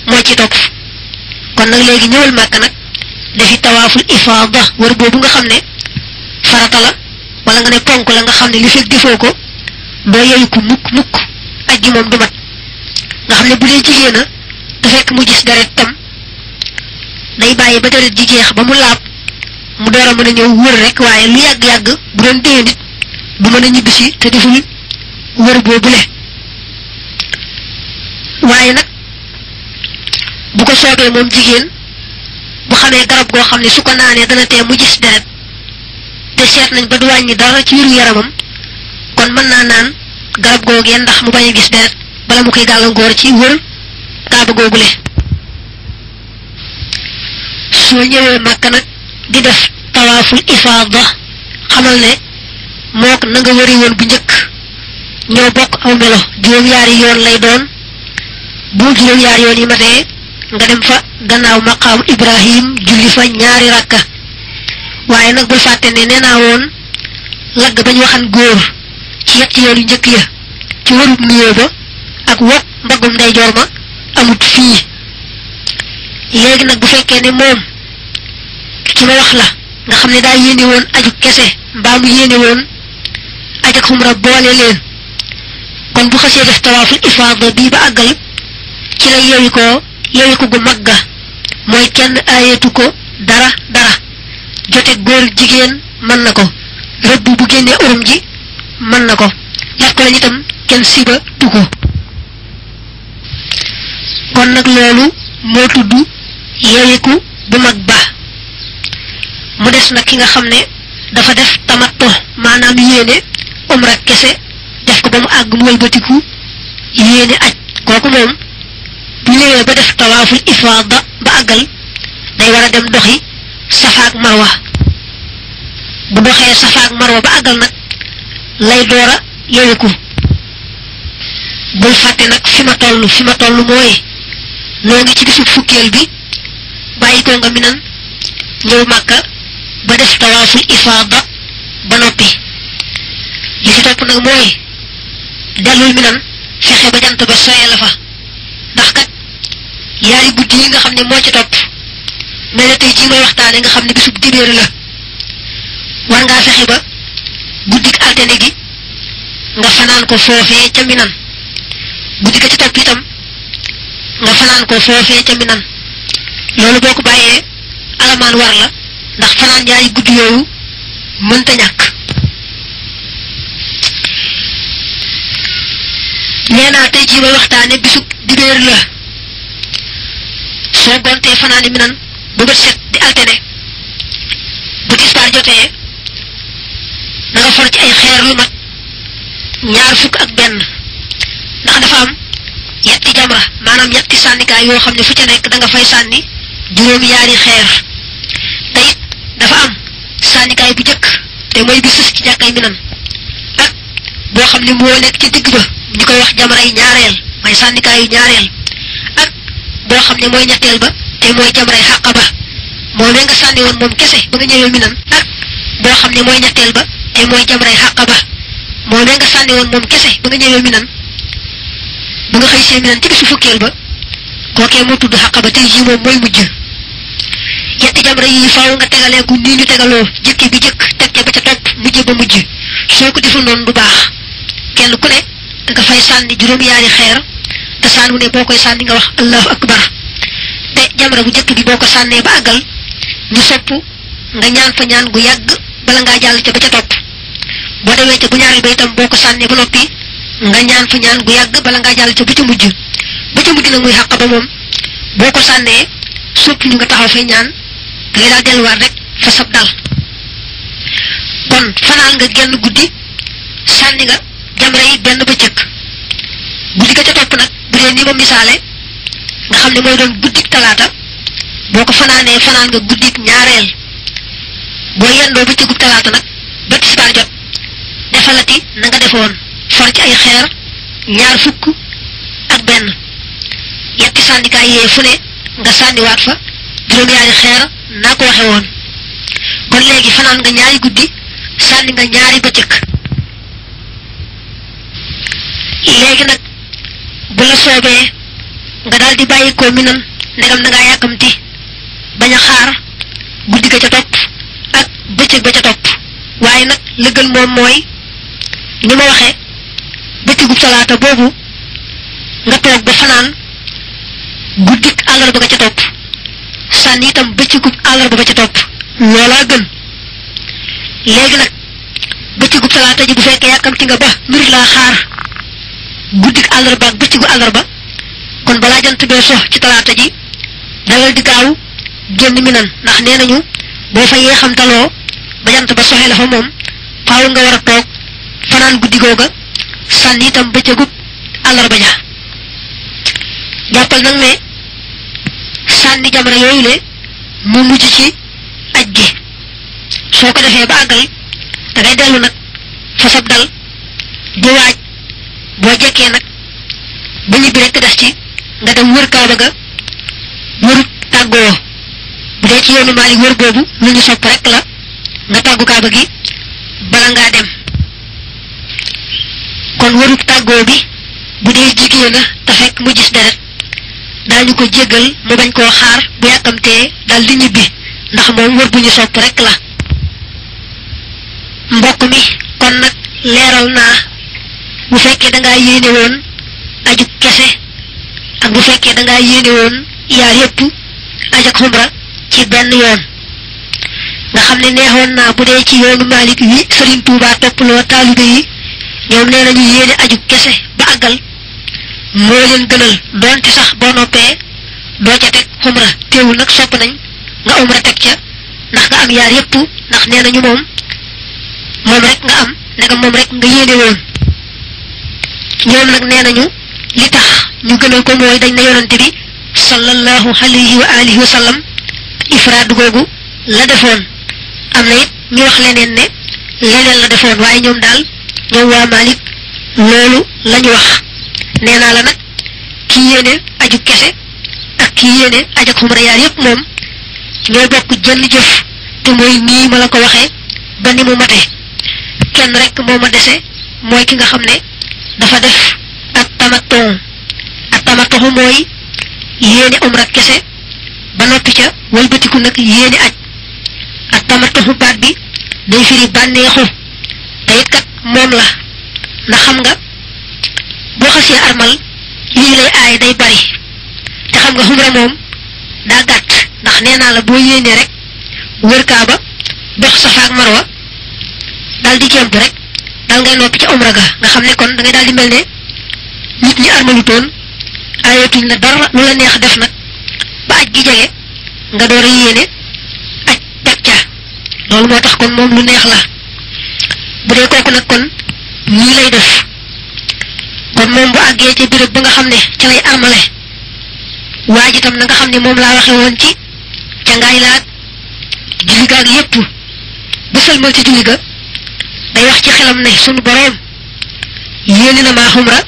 moo ci topp kon nag léegi ñëwal màkka nag defi tawaaful ifaada wër boobu nga xam ne farata la wala nga ne tonk la nga xam ne li fekk defoo ko doo yooyu ko mukk mukk aj gi moom du mat nga xam ne bu dee jigéen te fekk mu gis deret tam day bàyyi ba deret ji jeex ba mu laab mu door a mën a ñëw wër rek waaye lu yàgg-yàgg bu doon déwén it du mën a ñibbisi te deful wër boobule feebee mom jigen bu xamé garab go xam suko nané dana té mu gis deret te sét nañ ba du wañi dara ci wiru yaramam kon man na nan garab gën ndax mu bañu gis deret bala mu koy gàllankoor ci wër kaaba gogulé so ñëwé mak nak di def tawaful ifada xamal né mok na nga wëri won bu ñëk ñoo bok aw melo jëw yaari yoon lay doon bu jëw yaari yoon yi matee nga dem fa gannaaw maqaam Ibrahim julli fa ñaari rakka waaye nag bul fàtte ne nee naa woon lagg ba ñu waxan góor ci yetti yoon yu njëkk ya ci warub nuyoo ba ak wokk mbaggum ndeyjoor ma amut fii léegi nag bu fekkee ne moom ki ma wax la nga xam ne daa yéene woon aju kese mbaa mu yéene woon aj ak xumra boole leen kon bu xasee def tawaaful ifaada bii ba àggal ci la yeewi ko yoy ko gu magga moy kenn ayetu ko dara dara jote gor jigen man nako ko bu génnee urum ji man nako yakko konak lalu lañ itam kenn siba tuko kon nak lolu mo tuddu yoy ko bu mag mu dess nak ki nga dafa def tamatto manam yene umra kese def ko ba mu àgg batiku yene acc koku mom bu ñëwee ba def tawaaful ifaada ba àggal day war a dem doxi safaak marwa bu doxee safaak marwa ba àggal nag lay door a yewiku bul fàtte nag fi ma toll fi ma toll mooy noo ngi ci bisu fukkeel bi bàyyi ko nga minan ñëw màkka ba def tawaaful ifaada ba noppi li ci topp nag mooy dellul minan fexe ba jant ba soye fa ndax kat yaari guddi yi nga xam ne moo ci topp mel tay ci moy waxtane nga xam ne bisub dibéer la war nga fexe ba guddik altene gi nga fanan ko fofé ci minan guddi ga ci top itam nga fanan ko fofé ci minan lolu boko baye alaman war la ndax fanan mën ta ñak tay ci moy waxtane bisub la soo gontee fanaani minan bu bët set di altene bu tisbaar jotee na nga for ci ay lu mat ñaar fuk ak ben ndax dafa am yetti jamra maanaam yetti sànnikaay yoo xam ne fu ca nekk da nga fay sànni juróom yaari xeer te it dafa am sànnikaay bu jëkk te mooy bi sës ci jàkkay minan ak boo xam ne moo ci digg ba ñu koy wax jamray ñaareel may bo xamne moy ñettel ba te moy jamray haqa ba moomee nga sànni won mom kesse ba nga ñëwee minam ak bo xamne moy ñettel ba te moy jamray haqa ba moomee nga sànni won mom kesse ba nga ñëwee minan ah, bu nga xey see minan ci bisu fukkel ba ke mo tuddu haqa ba te yi moom mooy mujj yetti jamray yi faaw nga tegalee ku nii ñu tegaloo jikki bi jikk tek ci ba ca topp mujj ba mujj soko deful du baax kenn ku ne nga fay sànni juroom yaari xéer cosaan wu ne bokoy koy nga wax allah akbar te jamra bu jëkk bi boko sanne ba agal ñu sopp nga ñaan fa ñaan gu yagg bala nga jall ci ba ca top bo dewe ci bu ñaari ba tam boko sanne bu nopi nga ñaan fa ñaan gu yagg bala nga jall ci bu ci mujj bu ci mujj muy ba mom boko sanne sopp nga taxaw fay ñaan ngay del war rek fa sab dal kon fana nga genn guddi sanni nga jamra yi benn bu guddi ka ca top nak dee ni ma misaale nga xam ne mooy doon talaata boo ko fanaanee fanaan nga guddik ñaareel boo yendoo ba cëgub talaata nag ba defalati na nga defoon for ci ay xeer ñaar fukk ak benn yetti sànnikaay yee fu ne nga sànniwaat fa juróom-ñaari xeer naa ko waxe woon kon léegi fanaan nga ñaari guddi sànni nga ñaari bëccëg bu la soobee nga daal di bàyyi ko minam ndegam da ngaa yàkkamti bañ a xaar guddi ga ca topp ak bëccëg ba ca topp waaye nag la gën moom mooy ni ma waxee bëccëgub salaata boobu nga toog ba fanaan guddik àllarba ga ca topp sànni itam bëccëgub àllarba ba ca topp loolaa gën léegi nag bëccëgub salaata ji bu fekkee yàkkamti nga ba mbir laa xaar guddik àllarba ak bëccigu àllarba kon balaa jant bee sox ci talaata ji dawal di gaaw génn mi nan ndax nee nañu boo fa yeexamtaloo ba jant ba soxee la fa moom faaw nga war a toog fanaan guddi googa sànni itam bëccëgub àllarba ja jàppal nag ne sànni jamra yooyu le mu mujj ci aj gi soo ba àggal da ngay dellu nag sab dal di waaj boo jekkee nag bu ñibbi rekk des ci nga dem wër kaaba ga wërut tàggoo bu dee ci yoonu Maalik wër boobu lu ñu sopp rekk la nga tàggu kaaba gi bala ngaa dem kon wërut tàggoo bi bu dee jigéen a te fekk mu gis deret daañu ko jéggal mu bañ koo xaar bu yàkkamtee dal ñibbi ndax moom wër bu ñu sopp rekk la mbokk mi kon nag leeral naa bu fekkee dangaa ngaa yéene aju kese ak bu fekkee da ngaa yéene yaar yëpp aj ak ci benn yoon nga xam ne neexoon naa bu dee ci yoonu Malick wi Serigne Touba toppaloo taalibe yi ñoom nee nañu yéene aju kese ba àggal moo leen gënal doonte sax boo noppee doo ca teg xumra teewul nag sopp nañ nga umra teg ca ndax nga am yaar yëpp ndax ne nañu moom moom rek nga am ndegam moom rek nga yéene ñoom nag nee nañu li tax ñu gënal ko mooy dañ na yonante bi sallallahu alayhi wa alihi wa sallam ifraad googu la defoon am na it ñu wax leneen ne leneen la defoon waaye ñoom daal ñoom waa Malik loolu la wax nee naa la nag kii yéene aju kese ak kii yéene aju ak yaar yëpp moom ñooy bokk jën jëf te mooy nii ma la ko waxee ba ni mu mate kenn rek moo ma dese mooy ki nga xam ne dafa def ak tamattu ak mooy yéene umra kese ba noppi ca walbatiku nag yéene aj ak tamattu baat bi day firi bànneexu te it moom la ndax xam nga boo xasee armal lii lay aay day bari te xam nga umra moom daa gàtt ndax nee naa la boo yéene rek wër kaaba dox safa ak marwa daal di jemp rek daal ngay noppi ci umra ga nga xam ne kon da ngay daal di mel ne nit ñi armalutoon aayatuñ la dara lu la neex def nag ba aj gi jege nga door a yéene aj teg ca loolu moo tax kon moom lu neex la bu dee kooku nag kon lii lay def kon moom bu àggee ca béréb ba nga xam ne ca lay armale waa ji tam na nga xam ne moom laa waxe woon ci ca ngaay laag julli gaag yépp ba sëlmal ci julli ga day wax ci xelam ne sunu boroom yéene na maa xumra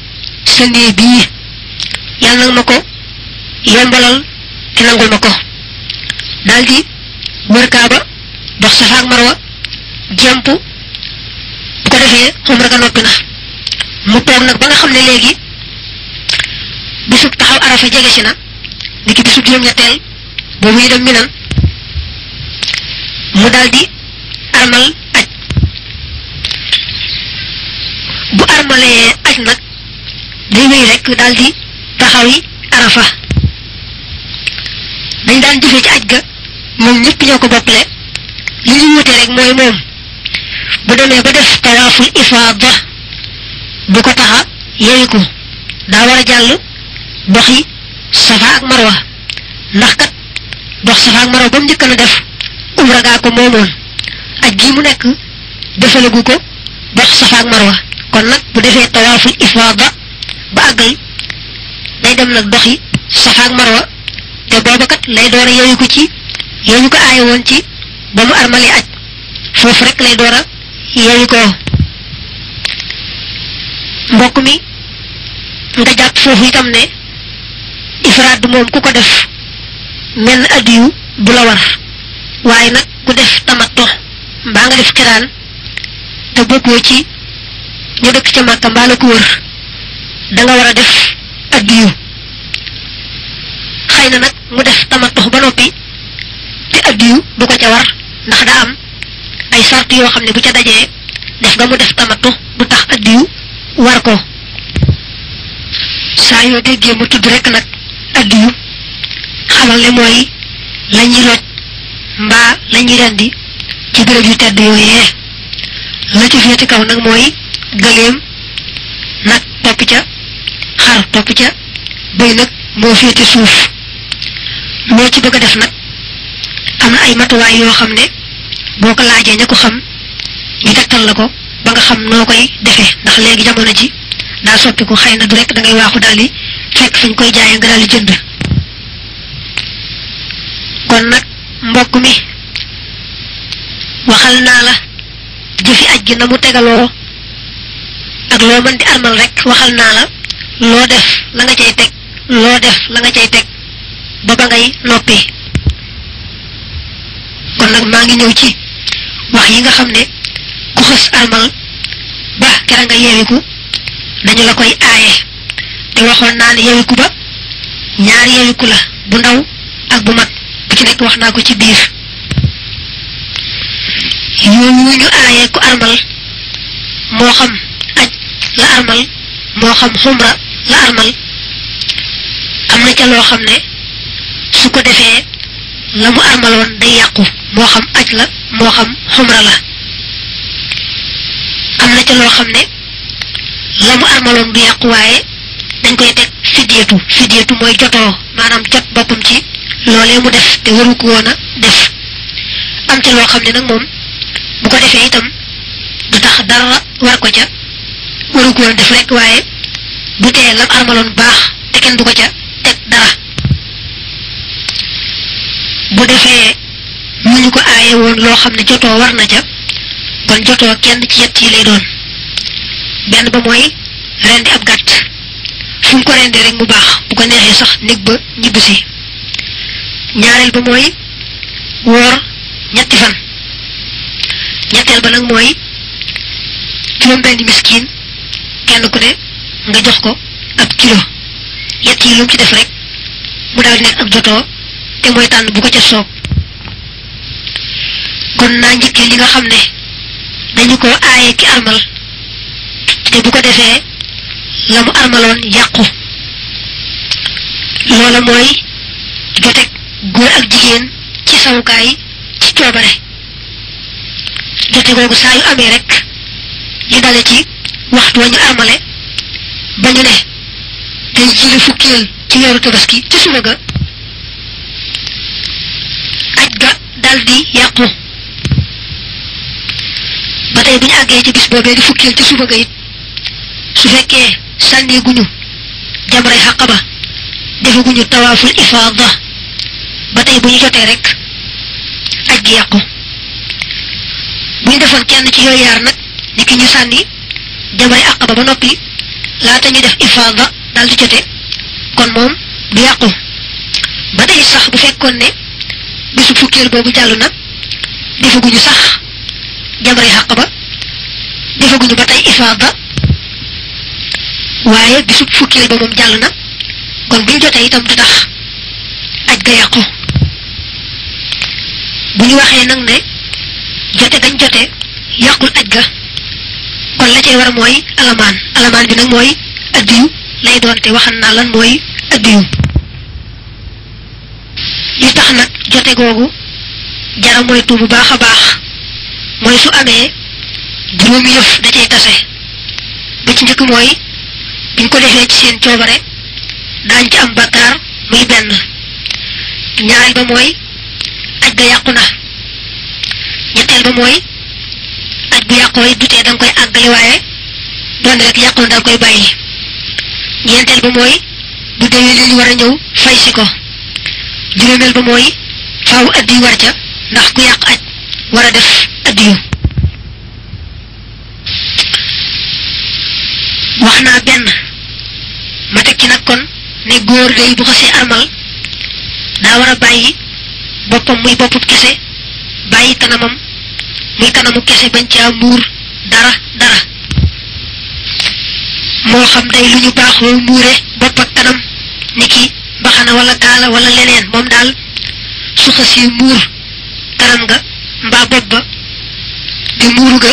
sa néeg bii yàlla nag ma ko yombalal te nangul ma ko daldi wër kaaba dox sa ak marwa jàmp bu ko defee xumra ga noppi na mu toog nag ba nga xam ne léegi bisub taxaw arafa jege si na ni bisub juróom-ñetteel boobu yi dem minan mu daldi armal bu armalee aj nag day wéy rek daal di taxaw arafa dañ daan jëfee ci aj ga moom ñëpp ñoo ko bokkle li ñu wute rek mooy moom bu demee ba def tawaaful ifaada bu ko taxa yeewi ko daa war a jàll dox yi safa ak marwa ndax kat dox safa ak marwa ba mu njëkk na def umra gaa ko moomoon aj gii mu nekk defalagu ko dox safa ak marwa kon nag bu defee tawaaful ifaada ba àggal day dem nag doxi Safa ak Marwa te booba kat lay door a yooyu ko ci yooyu ko aaye woon ci ba mu armalee aj foofu rek lay door a yooyu ko mbokk mi nga jàpp foofu itam ne ifraad moom ku ko def mel adiyu du la war waaye nag ku def tamattu mbaa nga def xiraan te bokkoo ci ñu dëkk ca màkka mbaa la ko wër da nga war a def addiyu xëy na nag mu def tamatux ba noppi te addiyu du ko ca war ndax da am ay sart yoo xam ne bu ca dajee def nga mu def du tax war ko saa yoo déggee mu tudd rek nag addiyu xamal ne mooy la roj mbaa la rendi ci béréb yu tedd yooyee la ci kaw nag mooy gëléem nag topp ca xar topp ca bëy nag moo ci suuf moo ci bëgg a def nag am na ay matuwaay yoo xam ne boo ko laajee ña ko xam ñu tegtal la ko ba nga xam noo koy defe ndax léegi jamono ji daa soppi ko xëy na du rekk da ngay waaxu daal di fekk fi ñu koy jaayee nga daal di jënd kon nag mbokk mi waxal naa la jëfi aj gi na mu tegaloo ak loo mën di armal rek waxal naa la loo def la nga cay teg loo def la nga cay teg ba ba ngay noppi kon nag maa ngi ñëw ci wax yi nga xam ne ku xës armal ba kera nga yeewiku dañu la koy aaye te waxoon naa ne yeewiku ba ñaari yeewiku la bu ndaw ak bu mag bu ci nekk wax naa ko ci biir yooyu ñu aayee ku armal moo xam la armal moo xam xumra la armal am na ca loo xam ne su ko defee la mu armaloon day yàqu moo xam aj la moo xam xumra la am na ca loo xam ne la mu armaloon du yàqu waaye dañ koy teg fidyatu fidyatu mooy jotoo maanaam jot boppam ci loolee mu def te waru ko woon a def am ca loo xam ne nag moom bu ko defee itam du tax dara war ko ca waru ko def rek waye bu te la armalon bax te ken du ko ca tek dara bu defé mu ñu ko ayé won lo xamné joto jotoo war na ca kon joto kenn ci yett yi lay doon ben ba moy rendi ab gatt fu ko rendee rek mu bax bu ko nexé sax nek ba ñibbisi ñaarel ba moy wor ñetti fan ñetteel ba nag mooy juróom benn miskine kenn ku ne nga jox ko ab kilo yett yi lu ci def rek mu daal di nekk ak jotoo te mooy tànn bu ko ca soob kon naa njëkkee li nga xam ne dañu ko aaye ki armal te bu ko defee la mu armaloon yàqu loola mooy joteeg góor ak jigéen ci sawukaay ci coobare jote googu saa amee rek li dale ci waxtu wa ñu armale ba ñu ne day julli fukki ci weeru tabaski ci suba ga aj ga dal di yàqu ba tey bu ñu àggee ci bis boobee di fukki ci suba ga it su fekkee sànnee guñu jamray xaqaba defaguñu tawaaful ifaada ba tey bu ñu jotee rek aj gi yàqu bu ñu defoon kenn ci yooyu nag ni ki ñu sànni jamari aqaba ba noppi laata ñu def ifaada daal di jote kon moom du yàqu ba day sax bu fekkoon ne bisu fukkeel boobu jàll na defaguñu sax jamari aqaba defaguñu ba tey ifaada waaye bisu fukkeel ba moom jàll na kon buñ jotee itam du tax aj ga yàqu bu ñu waxee nag ne jote dañ jote yàqul aj ga cee war mooy bi nag mooy addiyu lay doon te waxan naa lan mooy addiyu li tax nag jote googu jara moytu bu baax a baax mooy su amee juróomi yëf da cay tase ba ci njëkk mooy biñ ko defee ci seen coobare daañ ci am bakkaar muy benn ñaareel ba mooy aj ga yàqu na ñetteel ba mooy bu yàqoo dutee da koy àggali waaye doon rek yàqoon da koy bàyyi ñeenteel ba mooy bu déwénee li war a ñëw fay si ko juróomeel ba mooy faaw addi yu war ca ndax ku yàq aj war a def addi yu wax naa benn ma teg ci nag kon ne góor day bu xasee armal daa war a bàyyi boppam muy boppub kese bàyyi kanamam muy kanamu kese bañ caa mbuur dara dara moo xam day lu ñu baaxoo muure bopp ak kanam ni ki baxana wala kaala wala leneen moom daal su mbuur kanam nga mbaa bopp ba di muuru ga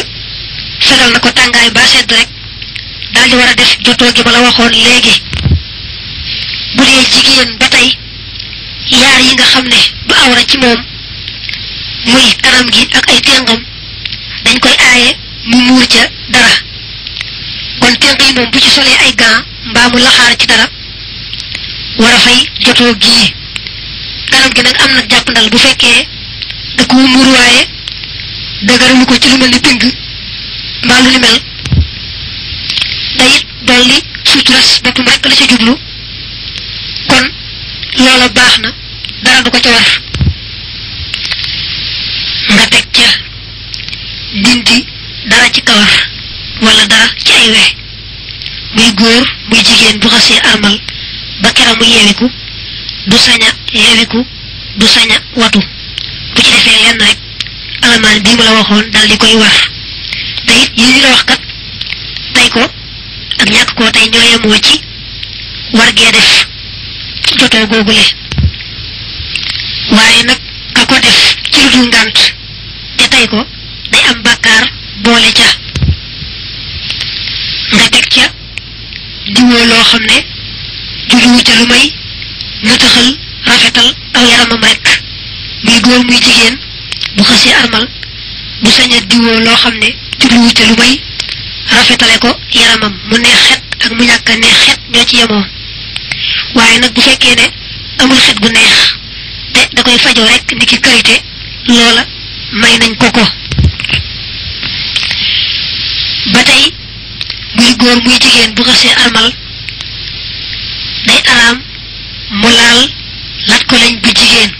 fegal na ko tàngaay ba sedd rek daal di war a def jotoo gi ma la waxoon léegi bu dee jigéen ba tey yaar yi nga xam ne du awra ci moom muy kanam gi ak ay téngam dañ koy aaye mu muur ca dara kon téng yi moom bu ci solee ay gants mbaa mu laxaar ci dara wara a fay jotoo gii kanam gi nag am na jàpp ndal bu fekkee da ko muur waaye dëgëralu ko ci lu mel ni ping mbaa lu ni mel day it dolli suturas boppam rekk la ci jublu kon loola baax na dara du ko ca war nga teg ca dindi dara ci kawar walla dara ci ay we muy góor muy jigéen bu xasee amal ba keroog mu yeewiku du sañ yeewiku du sañ a watu bu ci defee lenn rek alamaan bii mu la waxoon dal di koy war te yi ñu la wax tey ko ak ñàkk koo tey ñoo yemoo ci war gee def jotoo googule waaye nag ka ko def ci lu dul ngànt fay ko day am bàkkaar boole ca nga teg ca diwoo loo xam ne juluwu ca lu may mu taxal rafetal aw yaramam rekk muy góor muy jigéen bu xasee armal bu sañ a diwoo loo xam ne juluwu ca lu may rafetale ko yaramam mu neex xet ak mu ñàkk neex xet ñoo ci yemoo waaye nag bu fekkee ne amul xet gu neex te da koy fajoo rek ni ki karité loola may nañ ko ko ba tey muy góor muy jigéen bu xasee armal day araam mu laal lat ko lañ bu jigéen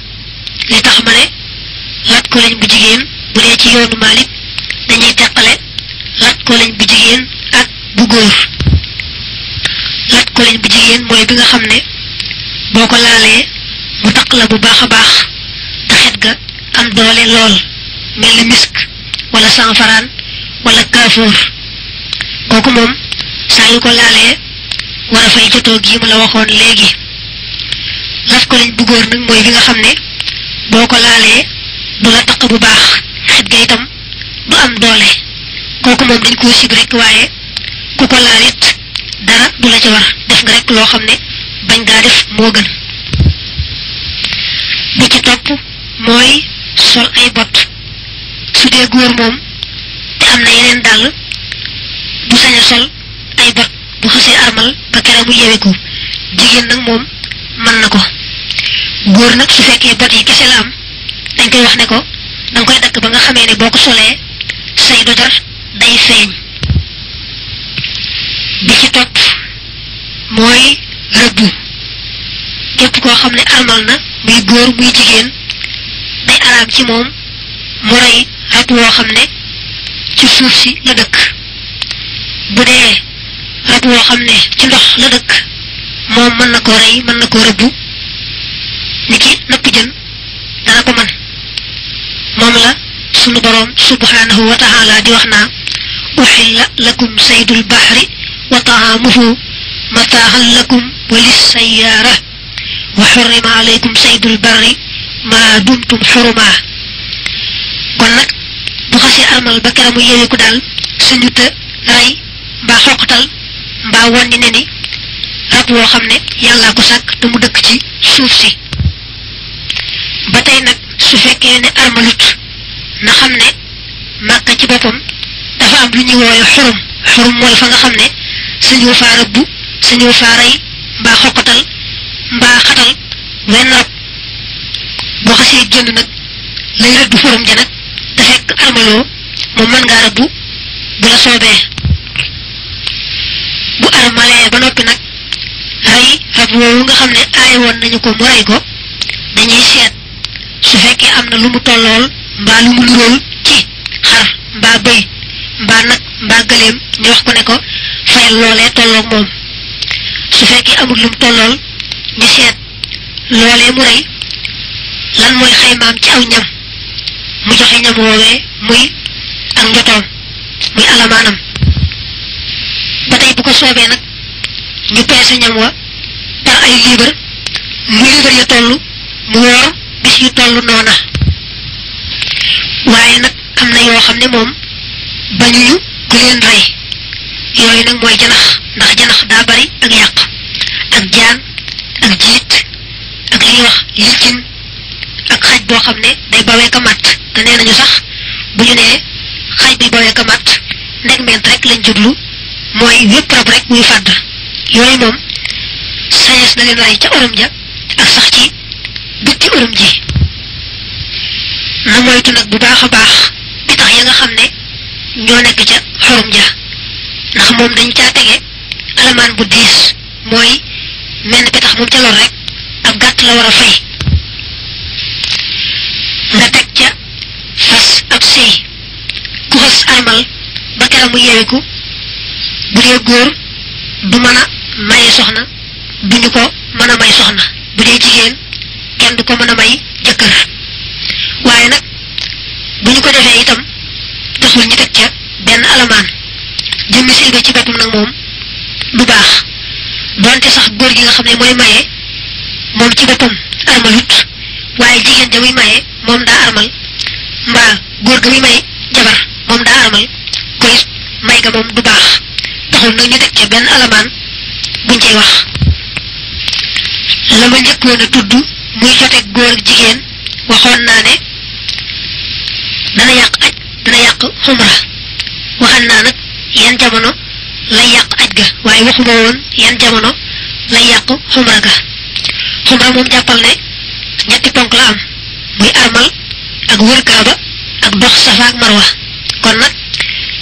li tax ma ne lat ko lañ bu jigéen bu dee ci yoonu Maalik dañuy teqale lat bu jigéen ak bu góor lat ko bu jigéen mooy bi nga xam ne boo ko laalee mu taq la bu baax a baax taxet ga am doole lool mel ni misk wala sanfaraan wala kaafoor kooku moom saa yu ko laalee war a fay jotoo gii ma la waxoon léegi laf ko lañ bu góor nag mooy bi nga xam ne boo ko laalee du la taq bu baax xet ga itam du am doole kooku moom dañ koo sib rekk waaye ku ko laal it dara du la ca war def nga rek loo xam ne bañ gaa def moo gën bi ci topp mooy sol ay bot su dee góor moom te am na yeneen dàll du sañ sol ay bag bu xasee armal ba kere mu yewe ko jigéen nag moom man na ko góor nag su fekkee bot yi kese la am dañ koy wax ne ko dang koy dakk ba nga xamee ne boo ko solee say dojar day feeñ bi ci topp mooy rëbb képp koo xam ne armal na muy góor muy jigéen day araam ci moom mu rey rab woo xam ne ci suuf si la dëkk bu dee rab woo xam ne ci ndox la dëkk moom mën na koo rey mën na koo rëbbu ni ki napp jën dana ko man moom la sunu boroom subhanahu wa taala di wax naa uxilla lakum saydul baxri wa taamuhu mataaxan lakum wa lissayaara wa xurima alaykum saydul barri ma dumtum xurumaa ci armal ba keramu yeewiku daal suñu të rey mbaa xoqatal mbaa wàññi ne ni rab woo xam ne yàllaa ko sàkk te mu dëkk ci suuf si ba tey nag su fekkee ne armalut na xam ne màkka ci boppam dafa am lu ñuy wooye xurum xurum mooy fa nga xam ne suñu faa rëbb suñu faa rey mbaa xoqatal mbaa xatal wenn rab boo xasee génn nag lay rëdd xurum ja nag fekk armaloo moom mën ngaa rëbb bu la soobee bu armalee ba noppi nag rey rab woowu nga xam ne aaye woon nañu ko mu rey ko dañuy seet su fekkee am na lu mu tollool mbaa lu mu lurool ci xar mbaa bëy mbaa nag mbaa gëléem ñu wax ko ne ko fayal loolee tolloog moom su fekkee amul lu mu tollool ñu seet loolee mu rey lan mooy xaymaam ci aw ñam mu joxe ñam woowee muy ak njotoom muy alamaanam ba tey bu ko soobee nag ñu peese ñam wa par ay liibar mu liibar ya toll mu woor bis yu toll noona waaye nag am na yoo xam ne moom bañuñu ku leen rey yooyu nag mooy janax ndax janax daa bari ak yàq ak jaan ak jiit ak li ñuy ak xaj boo xam ne day bawee ka màtt te nee nañu sax bu ñu nee xay bi booyee ko mat ndeg ment rek lañ jublu mooy wépp rab rek muy fàdd yooyu moom sayees na leen rey ca orom ja ak sax ci bitti orom ji na moytu nag bu baax a baax bi tax ya nga xam ne ñoo nekk ca xorom ja ndax moom dañ caa tege alamaan bu diis mooy mel bi tax moom ca lor rek ab gàtt la war a fay nga teg ca ab sëy ku xas armal ba keroog yeewiku bu dee góor du mën a maye soxna du ko mën a may soxna bu dee jigéen kenn du ko mën a may jëkkër waaye nag bu ñu ko defee itam taxul ñu teg ca benn alamaan jëmmi silbe ci boppam nag moom du baax donte sax góor gi nga xam ne mooy maye moom ci boppam armalut waaye jigéen ja muy maye moom daa armal mbaa góor ga muy may jabar moom daa aramal ko may nga moom du baax taxul nag ñu teg benn alamaan buñ cay wax la ma njëkkoon a tudd muy joteeg góor ak jigéen waxoon naa ne dana yàq aj dana yàq xumra waxan naa nag yan jamono lay yàq aj ga waaye waxuma woon yan jamono lay yàq xumra ga xumra moom jàppal ne ñetti ponk la am muy armal ak wër kaaba ak dox safa ak marwa kon nag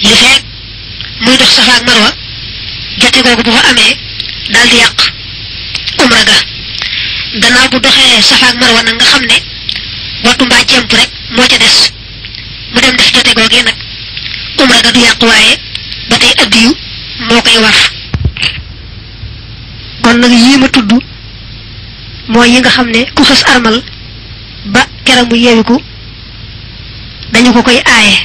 li feeg muy dox safa ak wa jote googu bu fa amee daal yàq umra ga gannaaw bu doxee safa ak marwa nag nga xam ne wattu mbaa jemtu rek moo ca des mu dem def jote googee nag umra ga du yàq waaye ba tey addiyu moo koy war kon nag yii ma tudd mooy yi nga xam ne ku xës armal ba keramu yeewiku dañu ko koy aaye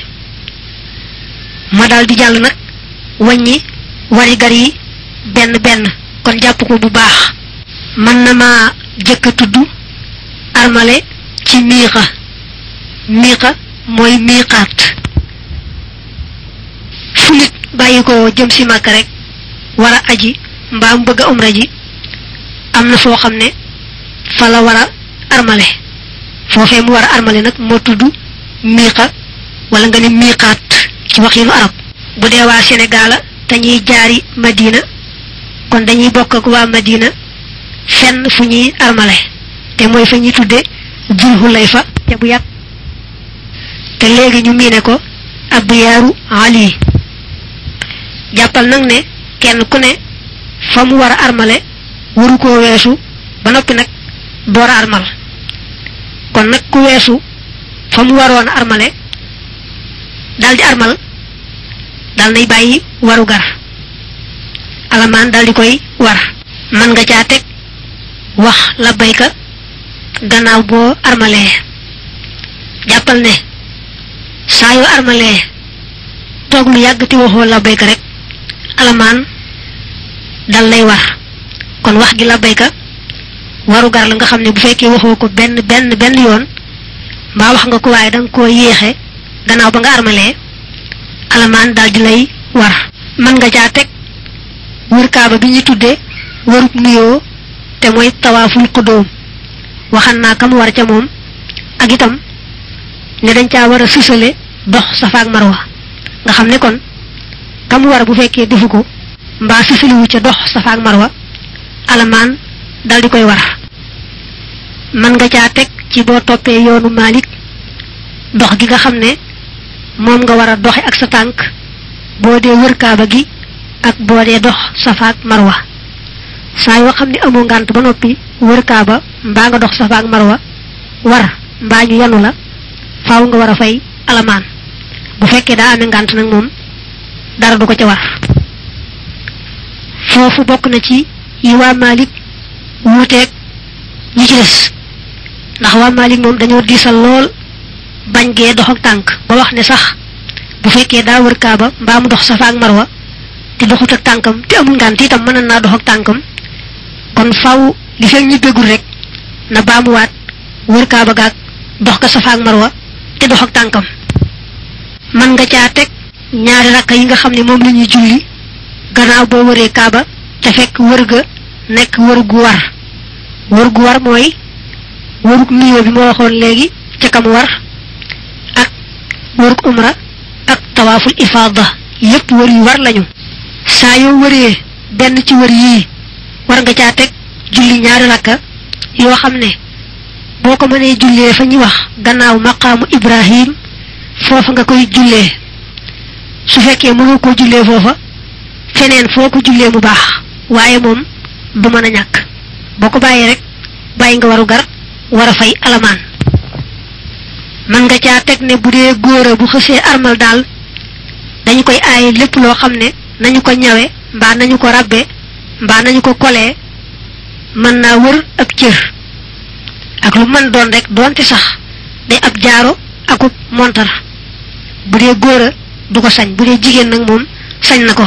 ma daal di jàll nag wàññi wari yi benn benn kon jàpp ko bu baax mën na maa jëkk a tudd armale ci miiqa miiqa mooy miiqaat fu nit bàyyi ko jëm ci màkk rek war aji mbaa bëgga bëgg a umra ji am na foo xam ne fa la war a armale foofee mu war a armale nag moo tudd miiqa wala nga ne miiqaat ci waxiinu arab bu dee waa Sénégal te ñuy jaari Madina kon dañuy bokk ak waa Madina fenn fu ñuy armale te mooy fa ñuy tudde Dul fa te bu yàgg te léegi ñu miine ko Abyaaru Ali jàppal nag ne kenn ku ne fa mu war armale waru koo weesu ba noppi nag door armal kon nag ku weesu fa mu waroon armale dal di armal dal nay bàyyi waru gar alamaan dal di koy war man nga caa teg wax ka gannaaw boo armalee jàppal ne saa yoo armalee toog yàgg ti waxoo ka rek alamaan dal lay war kon wax gi ka waru gar la nga xam bu fekkee waxoo ko benn benn benn yoon mbaa wax nga ko waaye danga koo yéexe gannaaw ba nga armalee alamaan daal di lay war mën nga caa teg wër kaaba bi ñu tuddee warub nuyoo te mooy tawaaful xudóom waxan naa kam war ca moom ak itam ne dañ caa war a susale dox safaak wa nga xam ne kon kam war bu fekkee defu ko mbaa susaliwu ca dox safaak wa alamaan dal di koy war mën nga caa teg ci bo topé yoonu malik dox gi nga xamné ne nga wara doxé ak sa tank bo dé wër kaaba gi ak bo dé dox ak marwa saa yoo ne ngant ba nopi wër kaaba mba nga dox ak marwa war mba ñu yanu la faaw nga wara fay alaman bu fekkee daa amee ngant nak mom dara du ko ci war fofu bok na ci yi wa malik wutek ñi ci dess ndax wa malik mom dañu diisal lol bañ ge dox ak tank ba wax ne sax bu fekke da wër kaaba ba mu dox safa ak marwa ci doxut ak tankam ci amul ngànt ci tam naa dox ak tankam kon faw li ñi ñibbegul rek na wat wër kaaba gaag dox ka safa ak marwa ci dox ak tankam man nga ca tek ñaari rakka yi nga xamni mom lañuy julli gannaaw bo kaaba fek wër ga war wër war moy warug nuyoo bi ma waxoon léegi ca kam war ak warug umra ak tawaaful ifaada yépp wër yu war lañu saa yow wëree benn ci wër yii war nga caa teg julli ñaari rakka yoo xam ne boo ko mënee jullee fa ñuy wax gannaaw maqaamu ibrahim foofa nga koy jullee su fekkee mënoo koo jullee foofa feneen foo ko jullee mu baax waaye moom du mën a ñàkk boo ko bàyyee rek bàyyi nga waru gar war a fay alamaan mën nga ca teg ne bu dee góora bu xësee armal daal dañu koy aaye lépp loo xam ne nañu ko ñawe mbaa nañu ko ràbbe mbaa nañu ko kole mën naa wër ak cër ak lu mën doon rekk doonte sax day ab jaaro akub montar bu dee góora du ko sañ bu dee jigéen nag moom sañ na ko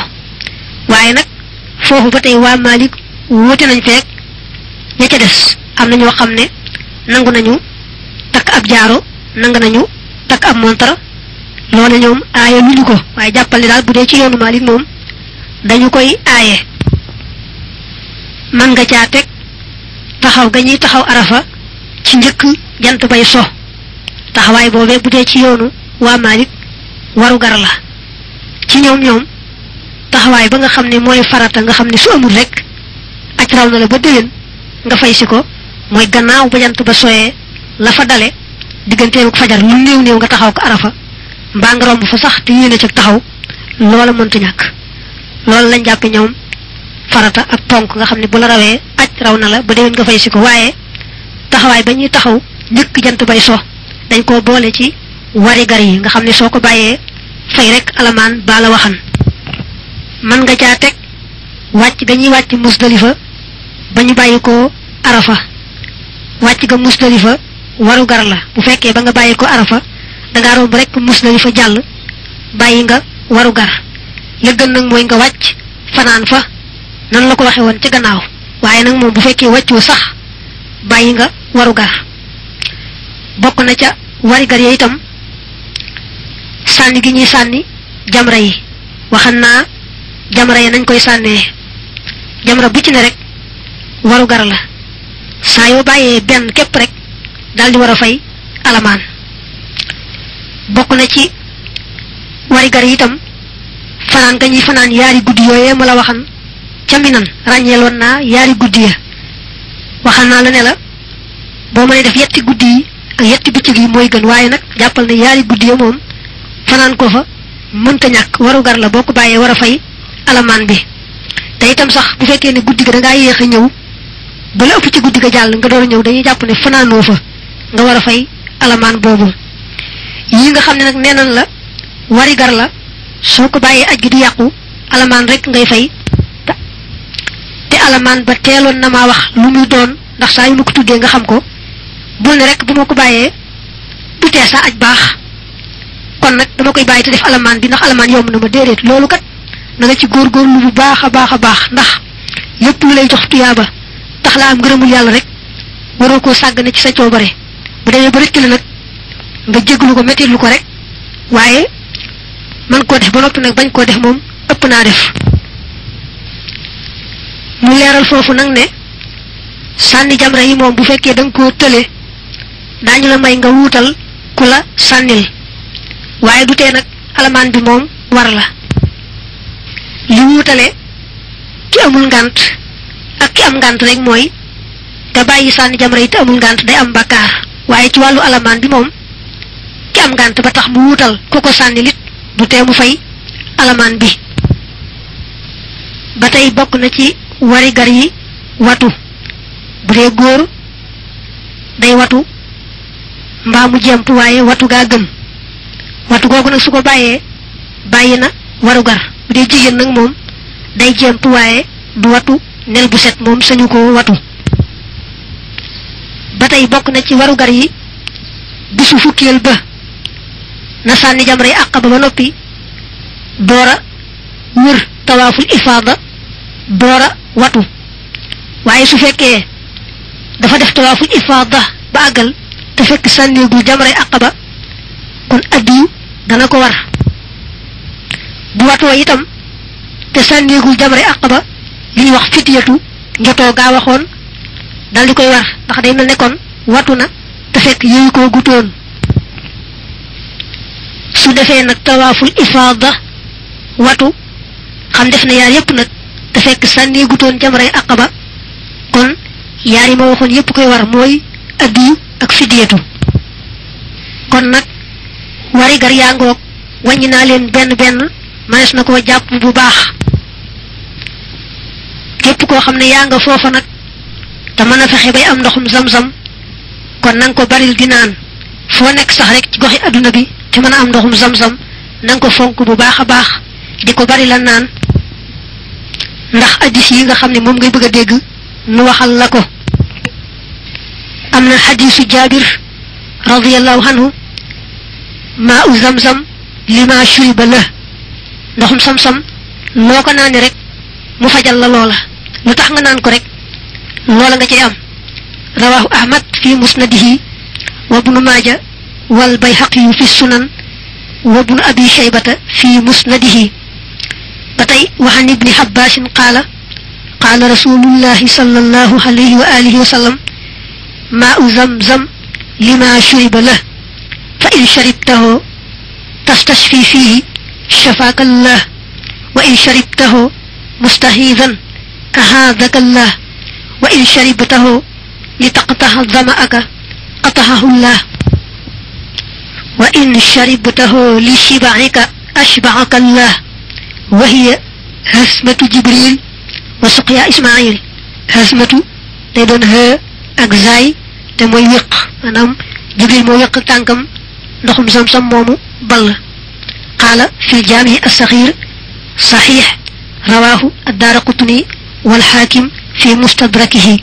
waaye nag foofu ba tey waa Malick wóote nañ feek ña ca des am na ñoo xam ne nangu nañu takk ab jaaro nangu nañu takk ab montar loole ñoom aaye luñu ko waaye jàppale daal bu dee ci yoonu Maalik moom dañu koy aaye mën nga caa teg taxaw ga ñuy taxaw arafa ci njëkk jant bay so taxawaay boobee bu dee ci yoonu waa Maalik waru gar la ci ñoom ñoom taxawaay ba nga xam ne mooy farata nga xam ne su amul rek aj raw na la ba déwén nga fay si ko mooy gannaaw ba jant ba soyee la fa dale digganteem ak fajar lu néew néew nga taxaw ko arafa mbaa nga romb fa sax te yéene ca taxaw loola mënta ñàkk loolu lañ jàppe ñoom farata ak ponk nga xam ne bu la rawee aj raw na la ba déwén nga fay si ko waaye taxawaay ba ñuy taxaw njëkk jant bay so dañ koo boole ci wari gar yi nga xam ne soo ko bàyyee fay rek alamaan baa la waxan mën nga caa teg wàcc dañuy wàcc musdalifa ba ñu bàyyi ko arafa wàcc ga musdalifa waru gar la bu fekkee ba nga bàyyi ko arafa dangaa romb rek musdalifa jàll bàyyi nga waru gar gën nag mooy nga wàcc fanaan fa nan la ko waxe woon ca gannaaw waaye nag moom bu fekkee wàccoo sax bàyyi nga waru gar bokk na ca wari gar ya itam sànni gi ñuy sànni jamra yi waxan naa jamra yi nañ koy sànnee jamra bu ci ne rek waru gar la sa yo baye ben kep rek dal di wara fay alaman bokku na ci gar itam fanaan nga ñuy fanaan guddi yooyee ma waxan ca minan ràññeeloon naa yari guddi ya waxal na la ne la boo mënee def yetti guddi ak yetti bëccëg gi moy gën waye nak jappal ne yari guddi ya mom fanan ko fa mën ta warugar waru gar la bokku baye wara fay alaman bi te itam sax bu guddi gi da nga ñew ba la ëpp ci guddi ga jàll nga door ñëw dañuy jàpp ne fanaanoo fa nga war a fay alamaan boobu yi nga xam ne nag la wari gar la soo ko bàyyee aj gi di yàqu alamaan rek ngay fay te alamaan ba teeloon na maa wax lu muy doon ndax saa yu ma ko tuddee nga xam ko bul ne rek bu ma ko bàyyee du tee saa aj baax kon nag dama koy bàyyi te def alamaan bi ndax alamaan yomb na ma déedéet loolu kat na nga ci bu baax a baax a baax ndax yépp lu lay jox tuyaaba tax la am gëremul yàlla rek waroo koo sàggane ci sa coobare bu demee ba rëkki la nga jéglu ko ko rek waaye man koo def ba noppi nag bañ koo def moom ëpp naa def mu leeral foofu nag ne sànni jamra yi moom bu fekkee da nga koo tële daañu la may nga wuutal ku la sànnil waaye du tee nag alamaan bi moom war la li wuutale ci amul ngant ak ki am ngànt rekk mooy te bàyyi sànni jamra yi te amul ngànt day am bakkaar waaye ci wàllu alamaan bi moom ki am ngànt ba tax mu wuutal ku ko sànni lit du tee mu fay alamaan bi ba tey bokk na ci wari gar yi watu bu dee góor day watu mbaa jemp waaye watu gaa gën watu googu nag su ko bàyyee bàyyi na warugar bu dee jigéen nag moom day jemp waaye du watu nel bu set moom sañu ko watu ba tey bokk na ci warugar yi bisu fukkeel ba na sànni jamray àqaba ba noppi doora wër tawaaful ifaada doora watu waaye su fekkee dafa def tawaaful ifaada ba àggal te fekk sànneegul jamray àqaba kon addiyu dana ko war bu watoo itam te sànneegul jamray àqaba li wax fityatu njotoo gaa waxoon dal di koy war ndax day na nekkoon kon watu na te fekk yéeyu koo gutoon su defee nag tawaaful ifaada watu xam def na yaar yépp nag te fekk sànnee gutoon jamray aqaba kon yaar yi ma waxoon yépp koy war mooy addiyu ak fidyatu kon nag wari gar yaa ngoog wàññi naa leen benn benn manees na koo jàpp bu baax képp koo xam ne yaa nga foofa nag te mën a fexe bay am ndoxum zam kon na nga ko baril di naan foo nekk sax rek ci goxi adduna bi te mën a am ndoxum zam-zam na nga ko fonk bu baax a baax di ko bari la naan ndax addis yi nga xam ne moom ngay bëgg a dégg mu waxal la ko am na xadisu jaabir radiallahu anhu maa u zam li maa shuriba la ndoxum sam-sam ko naani rek mu fajal la loola lu tax nga naan ko rek loola nga cay am rawahu ahmad fi musnadihi wa ibnu maja wal bayhaqi fi sunan wa ibnu abi shaybata fi musnadihi batay wa an ibni habbash qala qala rasulullah sallallahu alayhi wa alihi wa sallam ma'u zamzam lima shuriba lah fa in sharibtahu tastashfi fihi shafaka allah wa in sharibtahu mustahidan كهذاك الله وإن شربته لتقطع ظمأك قطعه الله وإن شربته لشبعك أشبعك الله وهي هزمة جبريل وسقيا إسماعيل هزمة تدون ها أجزاي تمويق أنام جبريل مويق تانكم نخم زمزم مومو بل قال في الجامع الصغير صحيح رواه الدار قطني walxaakim fi mustadrakihi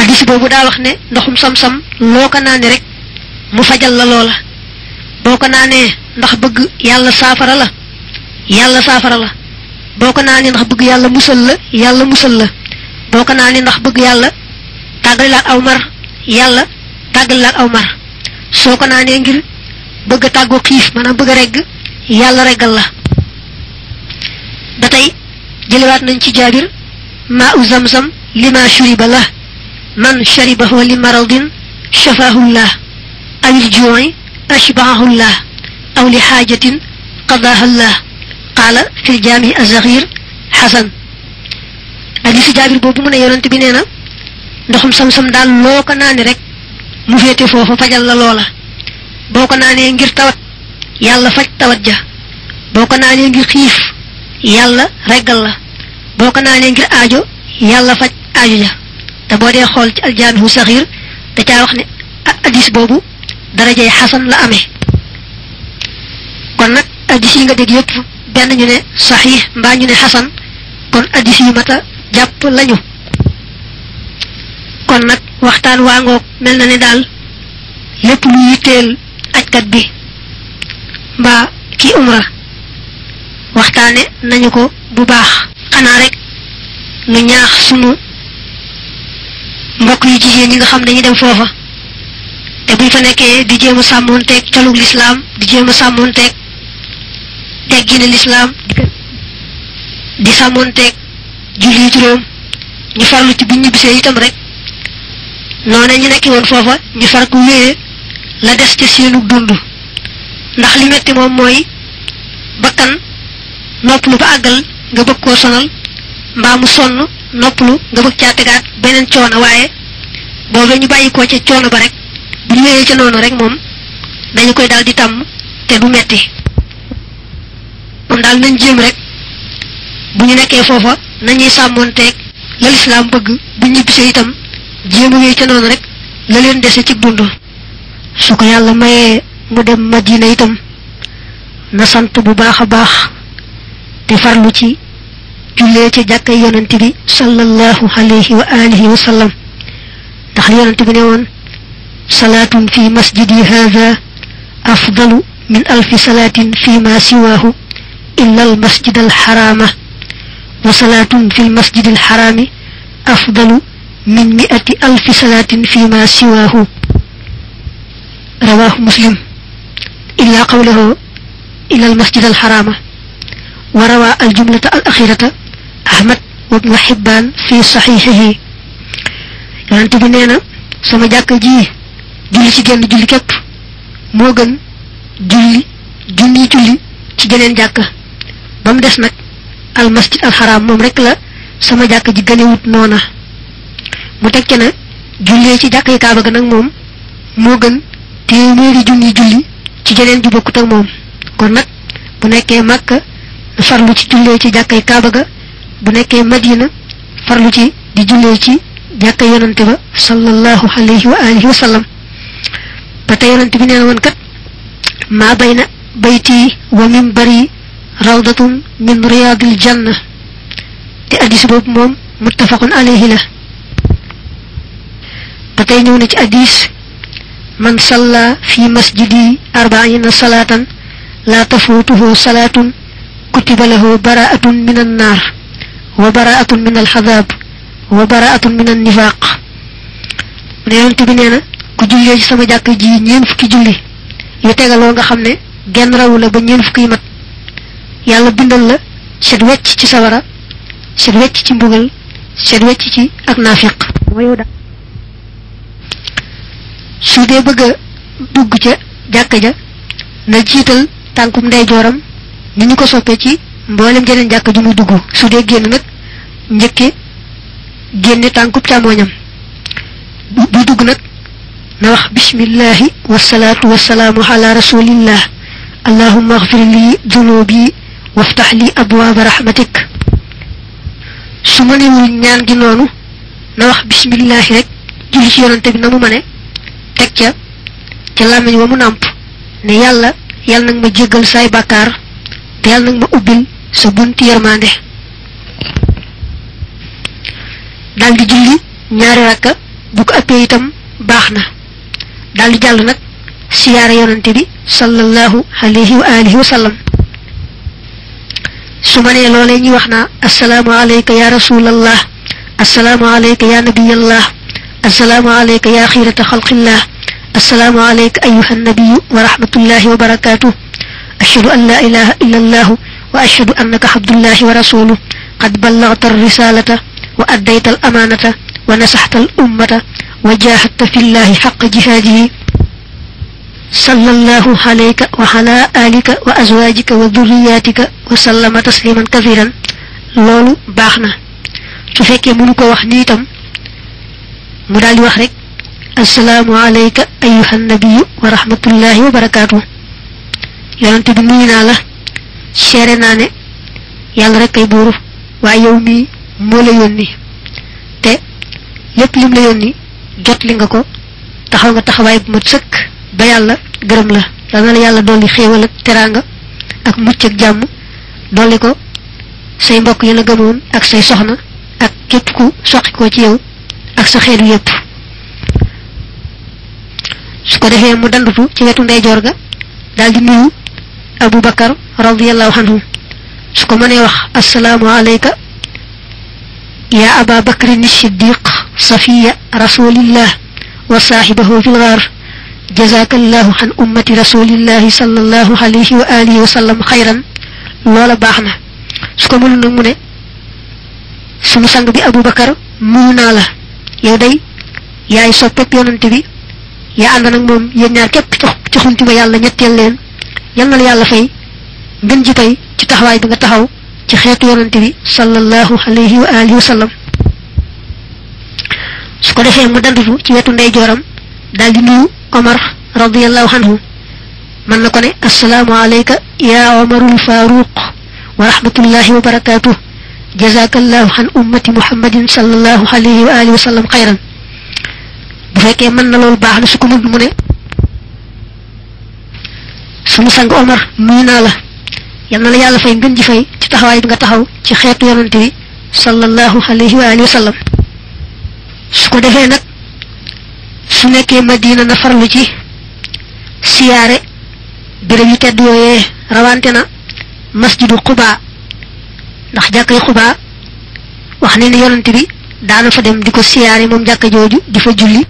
hadis boobu daa wax ne ndoxum sam-sam loo ko naane rek mu fajal la loola boo ko naanee ndax bëgg yàlla saafara la yàlla saafara la boo ko naanee ndax bëgg yàlla musal yàlla musal la boo ko naanee ndax bëgg yàlla tàggali la aw mar yàlla tàggali la ak aw mar soo ko naanee ngir bëgg tàggu tàggoo xiif maanaam bëgg a regg yàlla reggal la جلوات ننشي جابر ماء زمزم لما شرب له من شربه لمرض شفاه الله أو الجوع أشبعه الله أو لحاجة قضاها الله قال في الجامع الزغير حسن أجل جابر بوبو من يرنت بنينا نخم سمسم دال لوك ناني رك مفيتي فوفو فجل لولا بوك ناني انجر توت يالا فج توجه بوك ناني انجر خيف yàlla reggal la boo ko naanee ngir aajo yàlla faj aajo ja te boo dee xool ci aljaamihu saxiir da caa wax ne addis boobu darajay xasan la ame kon nag addis yi nga dégg yëpp benn ñu ne saxiix mbaa ñu ne xasan kon addis yi mata jàpp lañu kon nag waxtaan waa ngoog mel na ne daal lépp lu yitteel ajkat bi mbaa ki umra waxtaane nañu ko bu baax xanaa rek nu ñaax sunu mbokk yu jigéen ñi nga xam dañuy dem foofa te buñ fa nekkee di jéem a sàmmoonteeg colug lislaam di jéem a sàmmoonteeg teggina lislaam di sàmmoonteeg julli juróom ñu farlu ci buñ ñibbisee itam rek noone ñu nekki woon foofa ñu far ko wéyee la des ca seenu dund ndax li metti moom mooy bakkan noppalu ba àggal nga bëgg koo sonal mbaa mu sonn noppalu nga bëgg caa tegaat beneen coono waaye boobee ñu bàyyi ca coono ba rek bu ñu wéyee ca noonu rek moom dañu koy daal di tàmm te du metti moom daal nañ jéem rekk bu ñu nekkee foofa nañuy sàmmoonteeg la lislaam bëgg bu ñibbisee itam jéem a ca noonu rek la leen dese ci dund su ko yàlla mayee mu dem madina itam na sant bu baax a baax di farlu ci julle ci jàkka yonenti bi sallallahu alayhi wa alihi wa sallam tax yonenti bi newon salatun fi masjidi hadha afdalu min alf salatin fi ma siwahu illa al masjid al harama wa salatun fi al masjid al harami afdalu min mi'ati alf salatin fi ma siwahu rawahu muslim illa qawluhu ila al masjid al harama waa rawaa aljumlata al axirata ahmad wa ibnu xibbaan fi saxiixihi yonent bi nee na sama jàkk ji julli ci genn julli képp moo gën julli junni julli ci geneen jàkk ba des nag al masjid al xaraam moom rek la sama jàkk ji gënewut noona mu teg na jullee ci jàkk yi kaaba ga nag moom moo gën téeméeri junni julli ci geneen ju bokkut ak moom kon nag bu nekkee màkk farlu ci jullee ci jàkkay kaaba ga bu nekkee madina farlu ci di jullee ci jàkka yonante ba sallallahu alayhi wa alihi na woon kat maa bayna bayti wa alayhi la ba tey ñëw na ci addis man salla fi masjidi arbaina salaatan laa tafuutuhu salaatun كتب له براءة من النار وبراءة من الحذاب وبراءة من النفاق نيون تبنينا كجل يجي سما جاك جي نين فكي جلي يتيغا لونغا خمنا جن راو لبا نين فكي مات يالا بندل لا شدويت تي سوارا شدويت تي مبوغل شدويت تي اك نافق ويودا سودي بغا بوغجا جاكجا نجيتل تانكم دي جورم ni ñu ko soppee ci mboolem jeneen jàkk ju muy dugg su dee génn nag njëkke génne tànkub càmmoñam buy dugg nag na wax bismillahi wasalaatu wasalaamu ala rasulillah allahumma axfir lii dunubi waftax lii abwaaba rahmatik su mënewul ñaan gi noonu na wax bismillahi rek julli ci yonante bi na mu mëne teg ca ca làmmiñ wa mu nàmp ne yàlla yàlla nag ma jéggal saay bàkkaar yàlla nag ma ubbil sa bunti yërmande daal di julli ñaari rakka bu ko ëppee itam baax na daal di jàll nag siyaara yonante bi sallallahu alayhi wa alihi wa sallam su ma nee loolee ñuy wax naa assalaamu alayka ya rasulallah assalaamu alayka ya nabiyallah assalaamu alayka ya xiirata xalqillah assalaamu alayka ayuha nabiyu wa rahmatullahi wa barakaatuh أشهد أن لا إله إلا الله وأشهد أنك عبد الله ورسوله قد بلغت الرسالة وأديت الأمانة ونصحت الأمة وجاهدت في الله حق جهاده صلى الله عليك وعلى آلك وأزواجك وذرياتك وسلم تسليما كثيرا لولو باخنا تفك fekkee وحديتم ko وحرك السلام عليك أيها النبي ورحمة الله وبركاته yonante bi nuyu naa la seere naa ne yàlla rek kay buuru waaye yow mii moo la yónni te lépp lim la yónni jot li nga ko taxaw nga taxawaay bu mat sëkk ba yàlla gërëm la yal na yàlla dolli xéewal ak teraanga ak mucc ak jàmm dolli ko say mbokk yi la gëmoon ak say soxna ak képp ku soqi ko ci yow ak sa xeetu yépp su ko defee mu dandutu ci wetu ndeyjoor ga daal nuyu abu bakar radiallahu anhu su ko mënee wax assalaamu alayka ya aba bakrin siddiq safiya rasulillah wa saaxibahu fi lgaar جزاك الله عن أمة رسول الله صلى الله عليه وآله وسلم خيرا لولا باخنا سكو مول نمونه سما سانغ بي ابو بكر مونا لا يو داي ياي سوبك يوننتي بي يا اند نك موم يين ñaar kep ci xunti ba yalla ñettel leen yal na la yàlla fay ngën ji tey ci taxawaay bi nga taxaw ci xeetu yonante bi sallallahu alayhi wa alihi wa sallam su ko defee mu dandutu ci wetu ndeyjooram daal di nuyu Omar radiyallahu anhu mën na ko ne assalaamu alayka ya Omarul Faruq wa rahmatullahi wa barakaatuh jazakallahu an ummati muhammadin sallallahu alayhi wa alihi wa sallam xayran bu fekkee mën na loolu baax na su ko mën mu ne suñu sang Omar nuyu naa la yal na la yàlla fay ngën ji fay ci taxawaay nga taxaw ci xeetu yonent bi sallallahu alayhi wa alihi wa sallam su ko defee nag su nekkee Madina na farlu ci siyaare béréb yu tedd yooyee rawante na masjidu Quba ndax jàkkay xubaa wax ne ni yonent bi daana fa dem di ko siyaare moom jàkka jooju di fa julli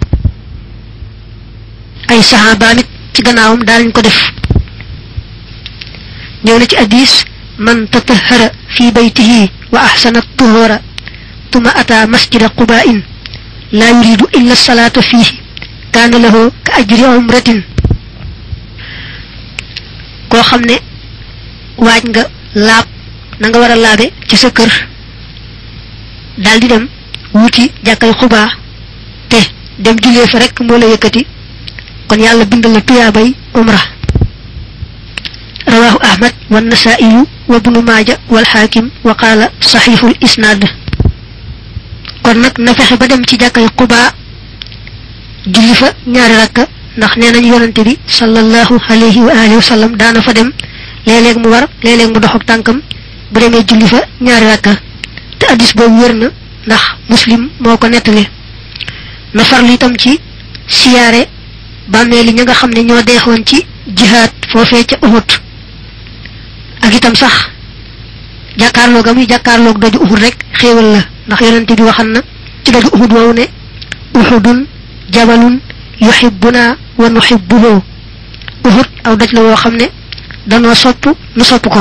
ay saxaabaam it ci gannaawam daanañ ko def ñëw na ci hadis man tatahara fi baytihi wa ahsana tuhura tuma ata masjida qubain laa yuridu illa salaata fiihi kaana ka ajri umratin koo xam ne waaj nga laab na nga war a laabe ci sa kër daldi di dem wuti jàkkay xubaa te dem jullee fa rekk moo yëkkati kon yàlla bindal la tuyaabay umra rawaahu ahmad wa nasaa'iyu wa bnu maaja wal xaakim wa qaala saxiixul isnaad kon nag na ba dem ci jàkkay Quba julli fa ñaari rakka ndax nee nañu yonante bi sallallahu alayhi wa alihi daana fa dem léeg mu war léeg-léeg mu dox tànkam bu demee julli fa ñaari rakka te addis boobu wér na ndax muslim moo ko nettali na farlu tam ci siyaare bàmmeel li ña nga xam ne ñoo deexoon ci jihaad foofee ca Uhud ak itam sax jàkkaarloog a muy jàkkaarloog doju uhud rek xéewal la ndax yonente bi waxan na ci doju uhud woowu ne uhudun jabalun yuhibbuna wa aw daj la woo xam ne danoo sopp nu sopp ko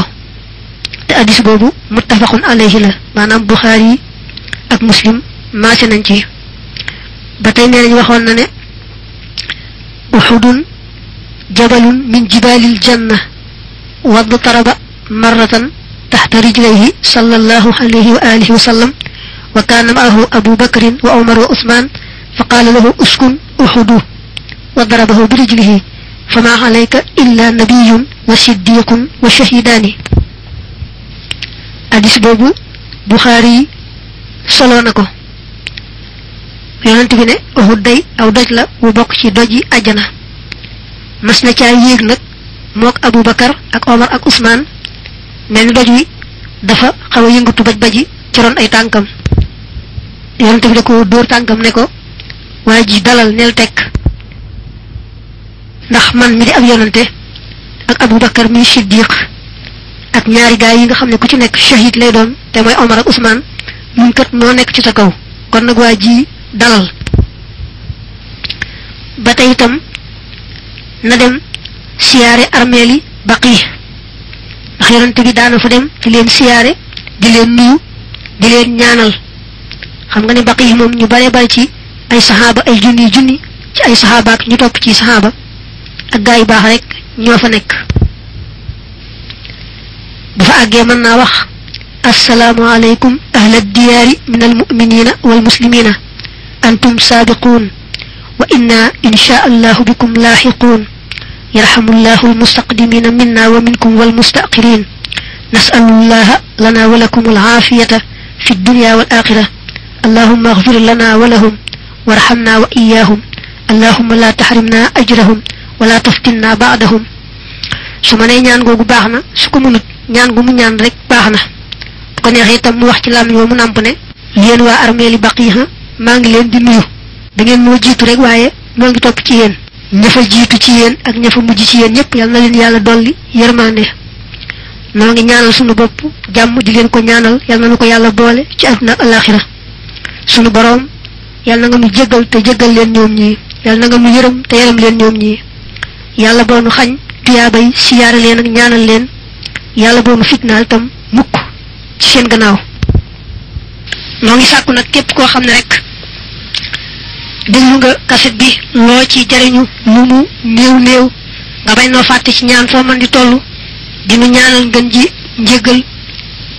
te addis boobu muttafaqun alayhi la maanaam buxaari yi ak muslim maase nañ ci ba tey nee nañ waxoon na ne uhudun jabalun min jibalil janna wadd taraba مرة تحت رجليه صلى الله عليه وآله وسلم وكان معه أبو بكر وعمر وعثمان فقال له اسكن أحده وضربه برجله فما عليك إلا نبي وصديق وشهيدان حديث بوبو بخاري صلونكو yonent bi ne uhud day aw doj la bu bokk ci doj yi àjjana mas na أك yéeg abou ak omar ak ousmane mel ni doj wi dafa xaw a yëngatu baj baji ci ron ay tànkam yonent bi da ko dóor tànkam ne ko waaye ji dalal neel tekk ndax man mi di ab yonante ak Abu Bakar mi siddiq ak ñaari gaay yi nga xam ne ku ci nekk shahid lay doon te mooy Omar ak Ousmane ñun kat noo nekk ci sa kaw kon nag waa ji dalal ba tey itam na dem siyaare armeel yi baqi ndax yonante bi daana fa dem di leen siyaare di leen nuyu di leen ñaanal xam nga ni baqi yi moom ñu bare bare ci ay sahaba ay junni junni ci ay sahaba ak ñu topp ci sahaba ak gaay baax rek ñoo fa nekk bu fa àggee mën naa wax assalaamu alaykum ahla diyaari min almuminina walmuslimina antum saabiquun wa inna insha allahu bikum laaxiquun يرحم الله المستقدمين منا ومنكم والمستأخرين نسأل الله لنا ولكم العافية في الدنيا والآخرة اللهم اغفر لنا ولهم وارحمنا وإياهم اللهم لا تحرمنا أجرهم ولا تفتنا بعدهم suma ne ñaan googu baax na su ko mënut ñaan gu mu ñaan rek baax na bu ko neexee itam mu wax ci làmmiñ wa mu nàmp ne yéen waa armée li baqiha maa ngi leen di nuyu da ngeen moo jiitu rek waaye noo ngi topp ci yéen ña fa jiitu ci yéen ak ña mujj ci yéen ñëpp yal na leen yàlla dolli yërmaande noo ngi ñaanal sunu bopp jàmm di leen ko ñaanal yal na nu ko yàlla boole ci àdduna ak alaaxira sunu boroom yal na nga nu jéggal te jéggal leen ñoom ñii yal na nga nu yërëm te yërëm leen ñoom ñi yàlla boo xañ tuyaabay siyaare leen ñaanal leen yàlla boo nu fitnaal tam mukk ci seen gannaaw moo ngi sàkku nag képp koo xam ne rek déglu nga kaset bi lo ci jariñu mu mu néew néew nga bañ no fatte ci ñaan fo man di di dinu ñaanal gën ji di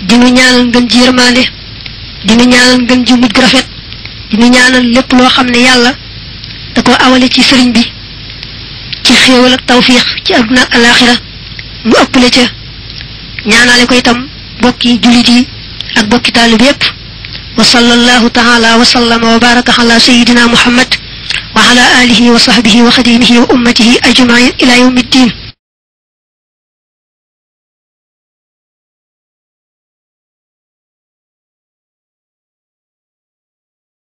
dinu ñaanal gën ji di dinu ñaanal gën ji mujj rafet dinu ñaanal lepp lo xamne yalla da ko awale ci sëriñ bi ci xéewal ak tawfiq ci aduna ak alakhirah mu ëppale ca ñaanaale ko itam bokki julit yi ak bokki talib yépp وصلى الله تعالى وسلم وبارك على سيدنا محمد وعلى آله وصحبه وخديمه وأمته أجمعين إلى يوم الدين